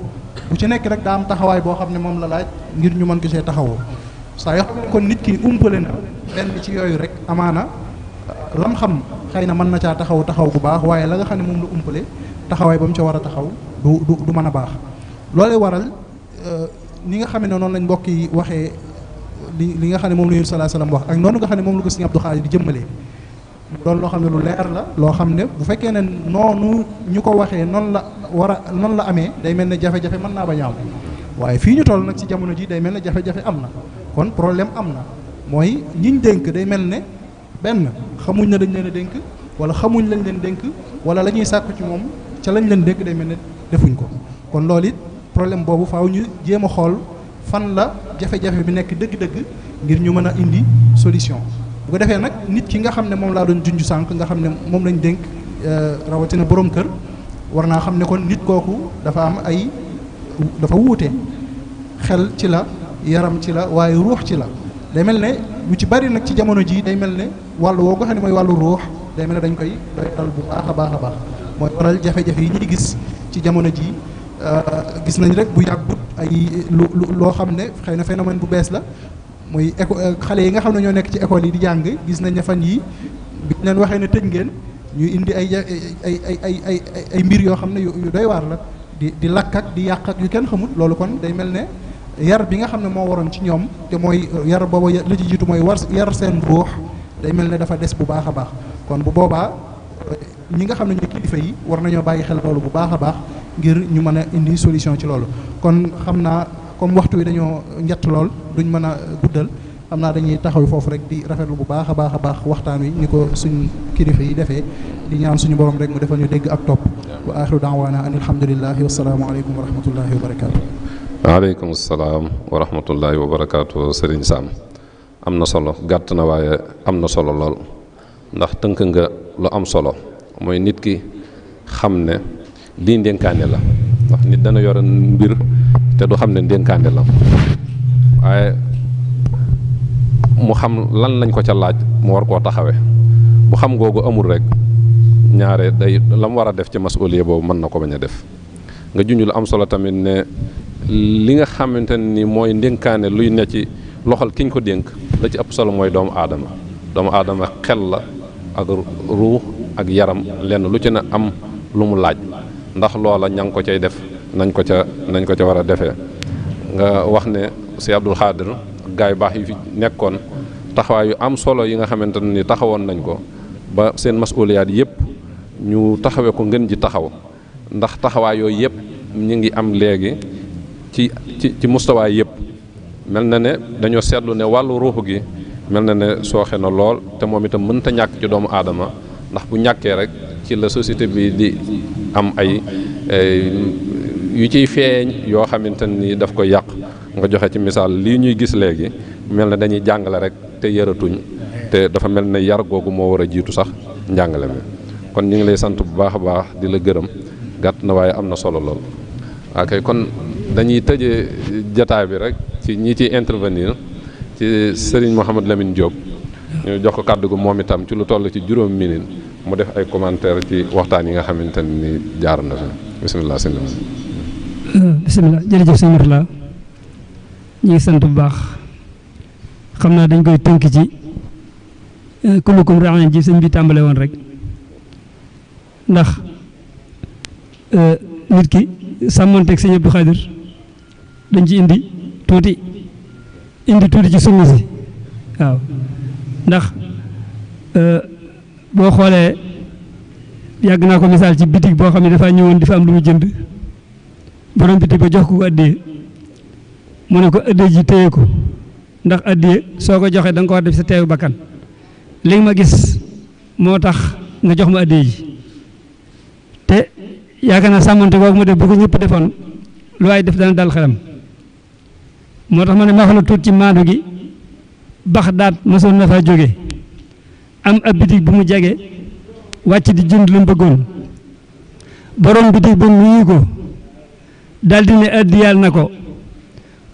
bu ci nekk rek daa am taxawaay boo xam ne moom la laaj ngir ñu mën ko see taxawoo saa yoo kon nit ki umpale na benn ci yooyu rek amaana lam xam xëy na mën na caa taxaw taxaw bu baax waaye la nga xam ne moom la umpale taxawaay ba mu war a taxaw du du mën a baax. loolee waral euh, ni nga xam ne noonu lañ mbokk yi waxee li li nga xam ne moom la yonent sallallahu alayhi wax ak noonu nga xam ne moom la ko Sëriñ Abdou Khadre di jëmmalee doon loo xam ne lu leer la loo xam ne bu fekkee ne noonu ñu ko waxee noonu la war a noonu la amee day mel ne jafe-jafe mën naa ba ñaaw waaye fii ñu toll nag ci jamono ji day mel ne jafe-jafe am na kon problème am na mooy ñiñ dénk day mel ne benn xamuñ na dañ leen a dénk wala xamuñ lañ leen dénk wala la ñuy sàkku ci moom ca lañ leen dénk day mel ne defuñ ko kon loolu it problème boobu faaw ñu jéem a xool fan la jafe-jafe bi nekk dëgg-dëgg ngir ñu mën a indi solution bu ko defee nag nit ki nga xam ne moom laa doon junj sànq nga xam ne moom lañ dénk euh, rawatina boroom kër war naa xam ne kon nit kooku dafa am ay dafa wuute xel ci la yaram ci la waaye ruux ci la day mel ne lu ci bari nag ci jamono jii day mel ne wàll woo ko xam mooy wàllu ruux day mel ne dañ koy doy dal bu baax a baax a baax mooy waral jafe-jafe yi ñuy gis ci jamono jii Euh, gis nañ rek bu yàggut ay loo xam ne xëy na phénomène bu bees la muy éco euh, xale yi nga xam ne ñoo nekk ci école yi di jàng gis nañ ne fan yii biñ leen waxee ne tëj ngeen ñuy indi ay ay ay ay ay ay mbir yoo xam ne yu doy waar la di di lakk ak di yàq ak yu kenn xamul loolu kon day mel ne yar bi nga xam ne moo waroon ci ñoom te mooy yar booba la ci jiitu mooy war yar seen ruux day mel ne dafa des bu baax a baax kon bu boobaa ñi nga xam ne ñooy kilifa yi war nañoo bàyyi xel loolu bu baax a baax. ngir ñu mën a indi solution ci loolu kon xam naa comme waxtu wi dañoo njett lool duñ mën a guddal xam naa dañuy taxaw foofu rek di rafetlu bu baax a baax a baax waxtaan wi ni ko suñ kilifa yi defee di ñaan suñu borom rek mu defal ñu dégg ak topp wa axiru daawaana an alhamdulilahi wasalaamualeykum wa rahmatullahi wa barakaatu waaleykum salaam wa rahmatullahi wa barakaatu Serigne Sam am na solo gàtt na waaye am na solo lool ndax tënk nga lu am solo mooy nit ki xam ne lii ndénkaane la ndax nit dana yore mbir te du xam ne ndénkaane la waaye mu xam lan lañ ko ca laaj mu war koo taxawe bu xam googu amul rek ñaare day la mu war a def ci masuliya boobu mën na ko bañ a def nga junj lu am solo tamit ne li nga xamante ni mooy ndénkaane luy ne ci loxol kiñ ko dénk la ci ëpp solo mooy doomu aadama doomu aadama xel la ak ruux ak yaram lenn lu ci ne am lu mu laaj ndax loola ña ngi ko cay def nañ ko ca nañ ko ca war a defee nga wax ne si Abdul Xaadir gaay baax yi fi nekkoon taxawaayu am solo yi nga xamante ne ni taxawoon nañ ko ba seen masuuliyaat yëpp ñu taxawee ko ngeen ji taxaw ndax taxawaay yooyu yëpp ñu ngi am léegi ci ci ci mustawaay yëpp mel na ne dañoo seetlu ne wàllu ruux gi mel na ne sooxe na lool te moom itam mënta ñàkk ci doomu aadama ndax bu ñàkkee rek ci la société bi di am ay yu ciy feeñ yoo xamante ni daf ko yàq nga joxe ci misaal lii ñuy gis léegi mel na dañuy jàngale rek te yaratuñ te dafa mel ne yar googu moo war a jiitu sax njàngale mi kon ñu ngi lay sant bu baax a baax di la gërëm gàtt na waaye am na solo lool. ok kon dañuy tëje jataay bi rek ci ñi ci intervenir ci Serigne Mouhamed Lamine Diop. ñu jox ko kàddu gu moom itam ci lu toll ci juróom mi minin mu def ay commentaire ci waxtaan yi nga xamante ni jaar na fi bisimilah sëñ euh, bisimilah jërëjëf sëñ Mourtalla ñu ngi sant bu baax xam naa dañ koy tënk ci euh, kullukum raaxin ji sëñ bi tàmbalee woon rek ndax euh, nit ki sàmmanteeg sëñ Abdou Khadir dañ ci indi tuuti indi tuuti ci sunna si waaw ndax euh, boo xoolee yàgg naa ko misaal ci bitig boo xam ne dafaa ñëwoon di fa am lu mu jënd borom bitig ba jox ko addiye mu ne ko addiye ji téye ko ndax addiye soo ko joxee danga ko war def sa teewu bakkan li ma gis moo tax nga jox ma addiye ji te yaakaar naa sàmmante googu ma def bu ko ñëpp defoon lu waay def dana dal xelam moo tax ma ne ma wax la tuut ci maandu gi baxdaat mosoon na faa jóge am ab bitig bu mu jege wàcc di jënd lu mu bëggoon borom bitig ba nuyu ko daldi ne addiyaal na ko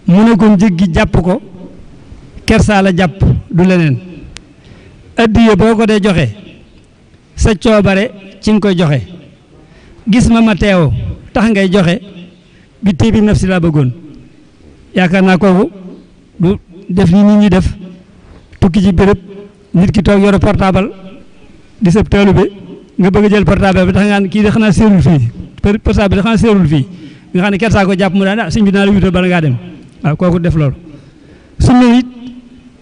mu ne ko njëg gi jàpp ko kersaa la jàpp du leneen addiya boo ko dee joxe sa coobare ci nga koy joxe gis ma ma teew tax ngay joxe bi téebi naf si laa bëggoon yaakaar naa kooku du def ni nit ñi def tukki ci béréb nit ki toog yore portable di sëb taalibe nga bëgg a jël portable bi tax nga naan kii de xanaa seerul fii portable bi xanaa seerul fii nga xam ne kersaa ko jàpp mu daan ah sëñ bi naa la wutal bala ngaa kooku def loolu sunna it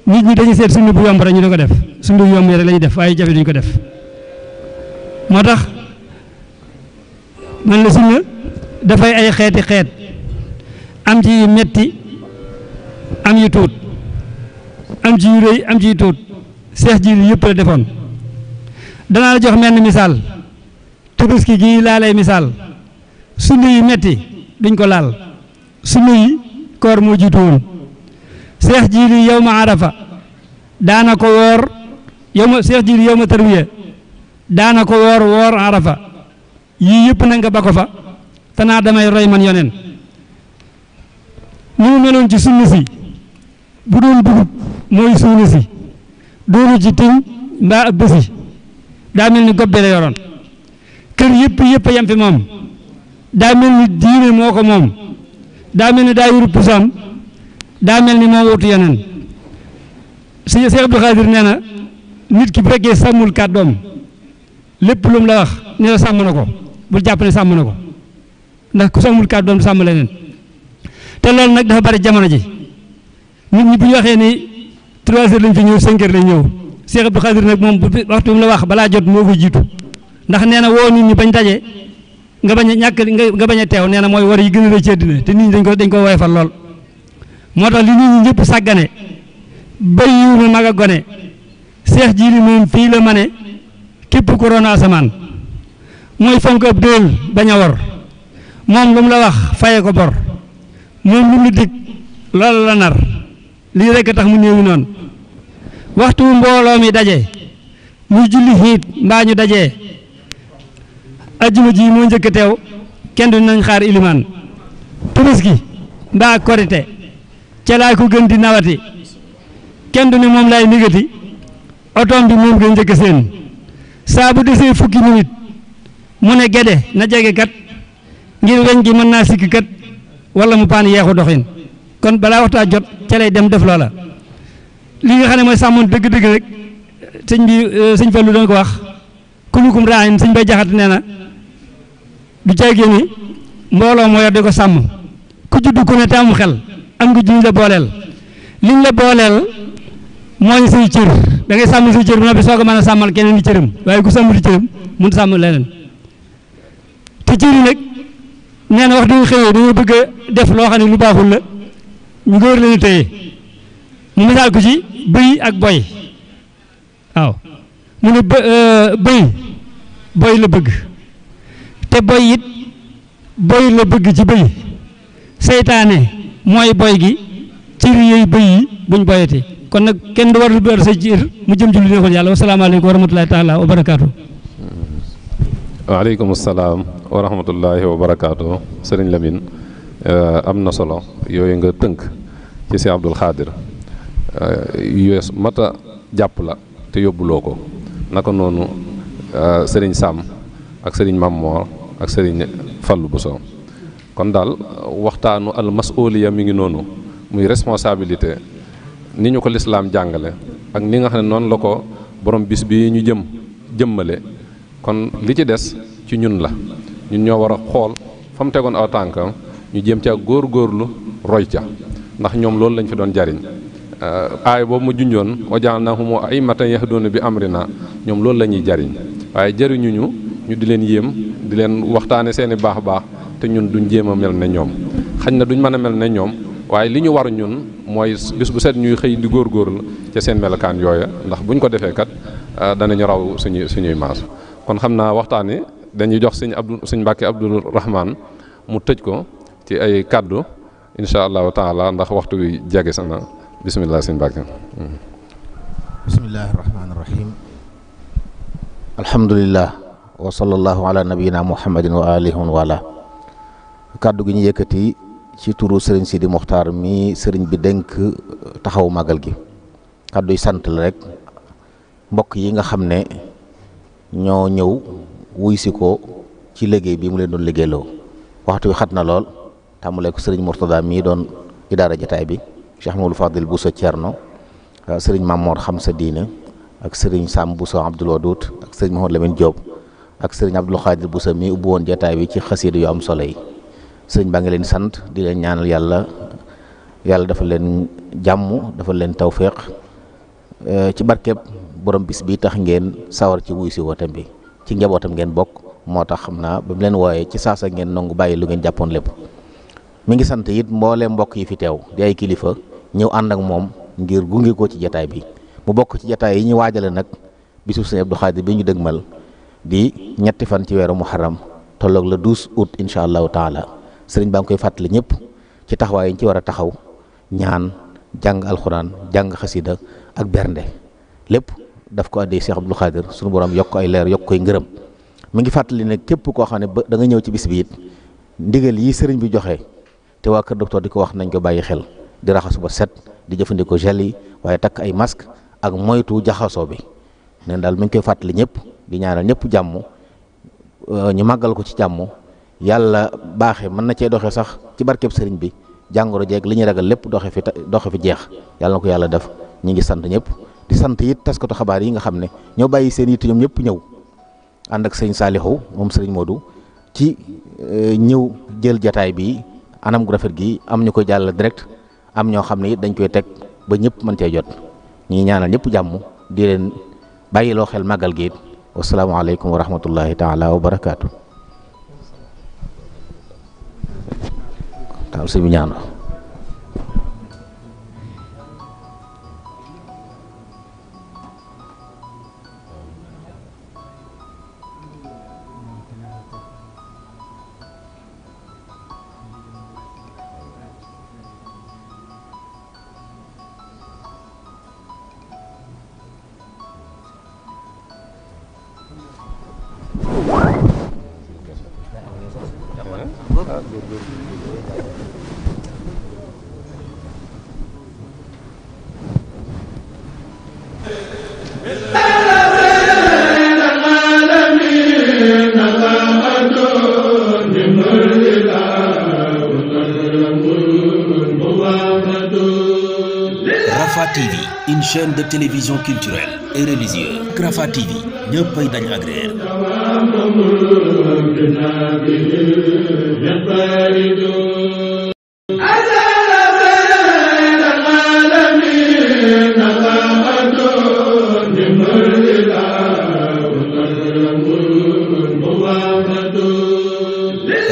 nit ñi dañuy seet sunna bu yomb rek ñu di ko def sunna bu yomb rek la ñuy def waaye jafe duñ ko def moo tax man la sunna dafay ay xeeti xeet am ci metti am yu tuut am ci yu rëy am ci yu tuut seex ji li yëpp la defoon danaa la jox menn misaal tabaski gi laa lay misaal sunu yi metti duñ ko laal sunu koor moo jiitu woon seex ji li yow ma arafa daana ko woor yow ma seex ji li yow ma tarwiya daana ko woor woor arafa yii yëpp na nga ba ko fa te roy man yoneen ni mu ci sunu si bu doon mooy suuna si doonu ci tiñ mbaa ab bési daa mel ni gob bi la kër yëpp yëpp a yem moom daa mel ni diine moo ko moom daa mel ni daa yuru pusaam daa mel ni moo wutu yeneen sëñ Cheikh Abdou Khadir nee na nit ki bu fekkee sàmmul kàddoom lépp lu la wax ne la sàmm ko bu jàpp ne sàmm ko ndax ku sàmmul kàddoom du sàmm leneen te loolu nag dafa bari jamono ji nit ñi bu ñu ni trois heures lañ fi ñëw cinq heures lañ ñëw Cheikh Abdou Khadir nag moom bu waxtu mu la wax balaa jot moo ko jiitu ndax nee na woo nit ñi bañ daje nga bañ a ñàkk nga bañ a teew nee na mooy war yi gën a rëcc ci àddina te nit ñi dañ ko dañ ko woyofal lool moo tax li nit ñi ñëpp sàggane béyu ma mag a gone seex ji li moom fii la mane ne képp ku roon asamaan mooy fonk ab déel bañ a war moom lu mu la wax faye ko bor moom lu mu dig loolu la nar lii rek a tax mu néewi noonu waxtu mbooloo mi daje muy julli xiit mbaa ñu daje ajjuma ji moo njëkk teew kenn du nañ xaar ilimaan tabaski mbaa korite ca laa ko gën di nawati kenn du ne moom laay négati otoom bi moom nga njëkk seen saa desee fukki minit mu ne gede na jege kat ngir weñ gi mën naa sikk kat wala mu paan yeexu doxin kon balaa waxtaa jot ca lay dem def loola li nga xam ne mooy sàmmoon dëgg-dëgg rek sëñ bi euh, sëñ Fallu doon ko wax kullukum raayin sëñ bay jaxat nee na du caagee ni mbooloo moo yor di ko sàmm ku juddu ku ne te am xel am nga juñ la booleel liñ la booleel mooñ say cër da ngay sàmm say cër bu noppi soog a mën a sàmmal keneen di cëram waaye ku sàmm di cëram mun sàmm leneen nee na wax du xëyee dañoo bëgg def loo xam ne lu baaxul la ngóor lañu téye mu misaal ko ci bëy ak boy waaw mu ne euh, bëy boy la bëgg te boy it boy la bëgg ci bëy seytaane mooy boy gi cër yooyu bëy yi buñ boyati kon nag kenn du war lu door sa cër mu jëm ci lu neexul yàlla wasalaamaaleykum wa rahmatulahi taala wa barakaatu waaleykum salaam wa rahmatullahi wa barakaatu sëriñ Lamine Euh, am na solo yooyu nga tënk ci si Abdul Xaadir yooyu euh, mata jàpp la te yóbbuloo ko naka noonu euh, sëriñ Sam ak sëriñ Mammoor ak sëriñ Fallu Bousso kon daal waxtaanu al mas'uliya mi ngi noonu muy responsabilité ni ñu ko lislaam jàngale ak ni nga xam ne noonu la ko borom bis bi ñu jëm jëmmale kon li ci des ci ñun la ñun ñoo war a xool fa mu tegoon aw tànkam ñu jëm ca góorgóorlu roy ca ndax ñoom loolu lañ fi doon jariñ euh, aay boobu mu junjoon wa ja'alnaahum a'immatan yahduuna bi amrina ñoom loolu la ñuy jariñ waaye jariñu ñu ñu di leen yéem di leen waxtaane seeni baax baax te ñun duñ jéem a mel na ñoom xañ na duñ mën a mel ne ñoom waaye li ñu war ñun mooy bis bu set ñuy xëy di góorgóorlu ca seen melokaan yooya ndax buñ ko defee kat euh, danañu raw suñu suñuy maas kon xam naa waxtaan yi dañuy jox sëñ Abdou sëñ Mbàkke Abdoul Rahman mu tëj ko ci ay kàddu incha allahu taala ndax waxtu wi jege sana bisimilah sëñ Mbàkke bismillahi rahmaani rahim alhamdulilah wa sallallahu gi ñu yëkkati ci turu sëriñ Sidi Mokhtar mi sëriñ bi dénk uh, taxaw màggal gi kàddu yi sant la yi nga xam ne ñoo ñëw wuy si ko ci bi mu leen doon liggéeyloo waxtu wi xat na lool tàmbalee ko sëriñ Mourtada mii doon idaara jataay bi Cheikh Mawlou Fadil Bousso Thierno ah, sëriñ Mamor xam sa diine ak sëriñ Sam Bousso Abdoul Wadoud ak sëriñ Mouhamed Lamine Diop ak sëriñ Abdoul bu Bousso mii ubbi woon jataay bi ci xasida yu am solo yi sëriñ baa ngi leen sant di leen ñaanal yàlla yàlla dafa leen jàmm dafa leen tawféex eh, ci barkeb borom bis bi tax ngeen sawar ci wuy si wootam bi ci njabootam ngeen bokk moo tax xam naa ba leen wooyee ci saasa ngeen nangu bàyyi lu ngeen jàppoon lépp mi ngi sant it mboole mbokk yi fi teew di ay kilifa ñëw àndak moom ngir gunge ko ci jataay bi mu bokk ci jataay yi ñu waajale nag bisu sëñ Abdou Khadir bi ñu mal di ñetti fan ci weeru muharram tolloog le 12 août incha allahu taala sëriñ baa ngi koy fàttali ñëpp ci taxawaay yi ñu ci war a taxaw ñaan jàng alxuraan jàng xasida ak bernde lépp daf ko addee Cheikh Abdou Khadir sunu borom yokk ay leer yokk koy ngërëm mu ngi fàttali ne képp koo xam ne ba da nga ñëw ci bis bi it ndigal yi sëriñ bi joxe. te waa kër docteur di ko wax nañ ko bàyyi xel di raxas ba set di jëfandikoo gel yi waaye takk ay masque ak moytu jaxasoo bi neen daal mi ngi koy fàttali ñëpp di ñaanal ñëpp jàmm euh, ñu màggal ko ci jàmm yàlla baaxe mën na cee doxe sax ci barkeb sëriñ bi jàngoro jeeg li ñuy ragal lépp doxe fi doxe jeex yàlla ko yàlla def ñu ngi sant ñëpp di sant it taskatu xabaar yi nga xam ne ñoo bàyyi seen yitte ñoom ñëpp ñëw ànd ak sëriñ Saliou moom sëriñ Modou ci euh, ñëw jël jataay bi anam gu rafet gi am ñu koy jàll direct am ñoo xam ne it dañ koy teg ba ñëpp mën te jot ñi ñaanal ñëpp jàmm di leen loo xel magal gi it wasalaamaaleykum wa rahmatullahi taala wa barakaatu. taal suñu ñaan chaîne de télévision culturelle et religieuse Rafah TV ñëppay dañ agréer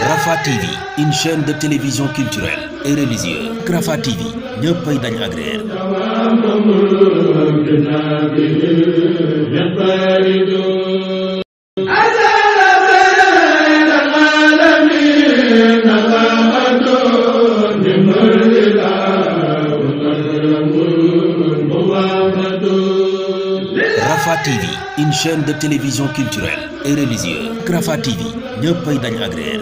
Rafah TV, une chaîne de télévision culturelle et religieuse. Rafah TV ñëppay dañ ak réer Rafah TV une chaîne de télévision culturelle et religieuse Rafah TV ñëppay dañ ak réer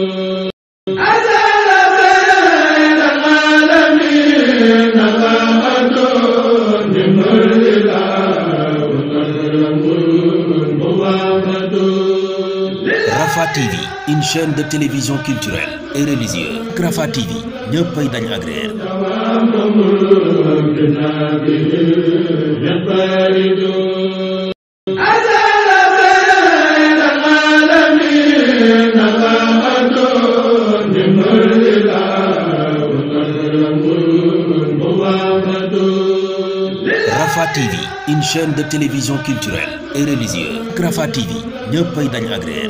une chaîne de télévision culturelle et religieuse Rafah TV ñëppay dañ agréer Rafah TV une chaîne de télévision culturelle et religieuse Rafah TV ñëppay dañ agréer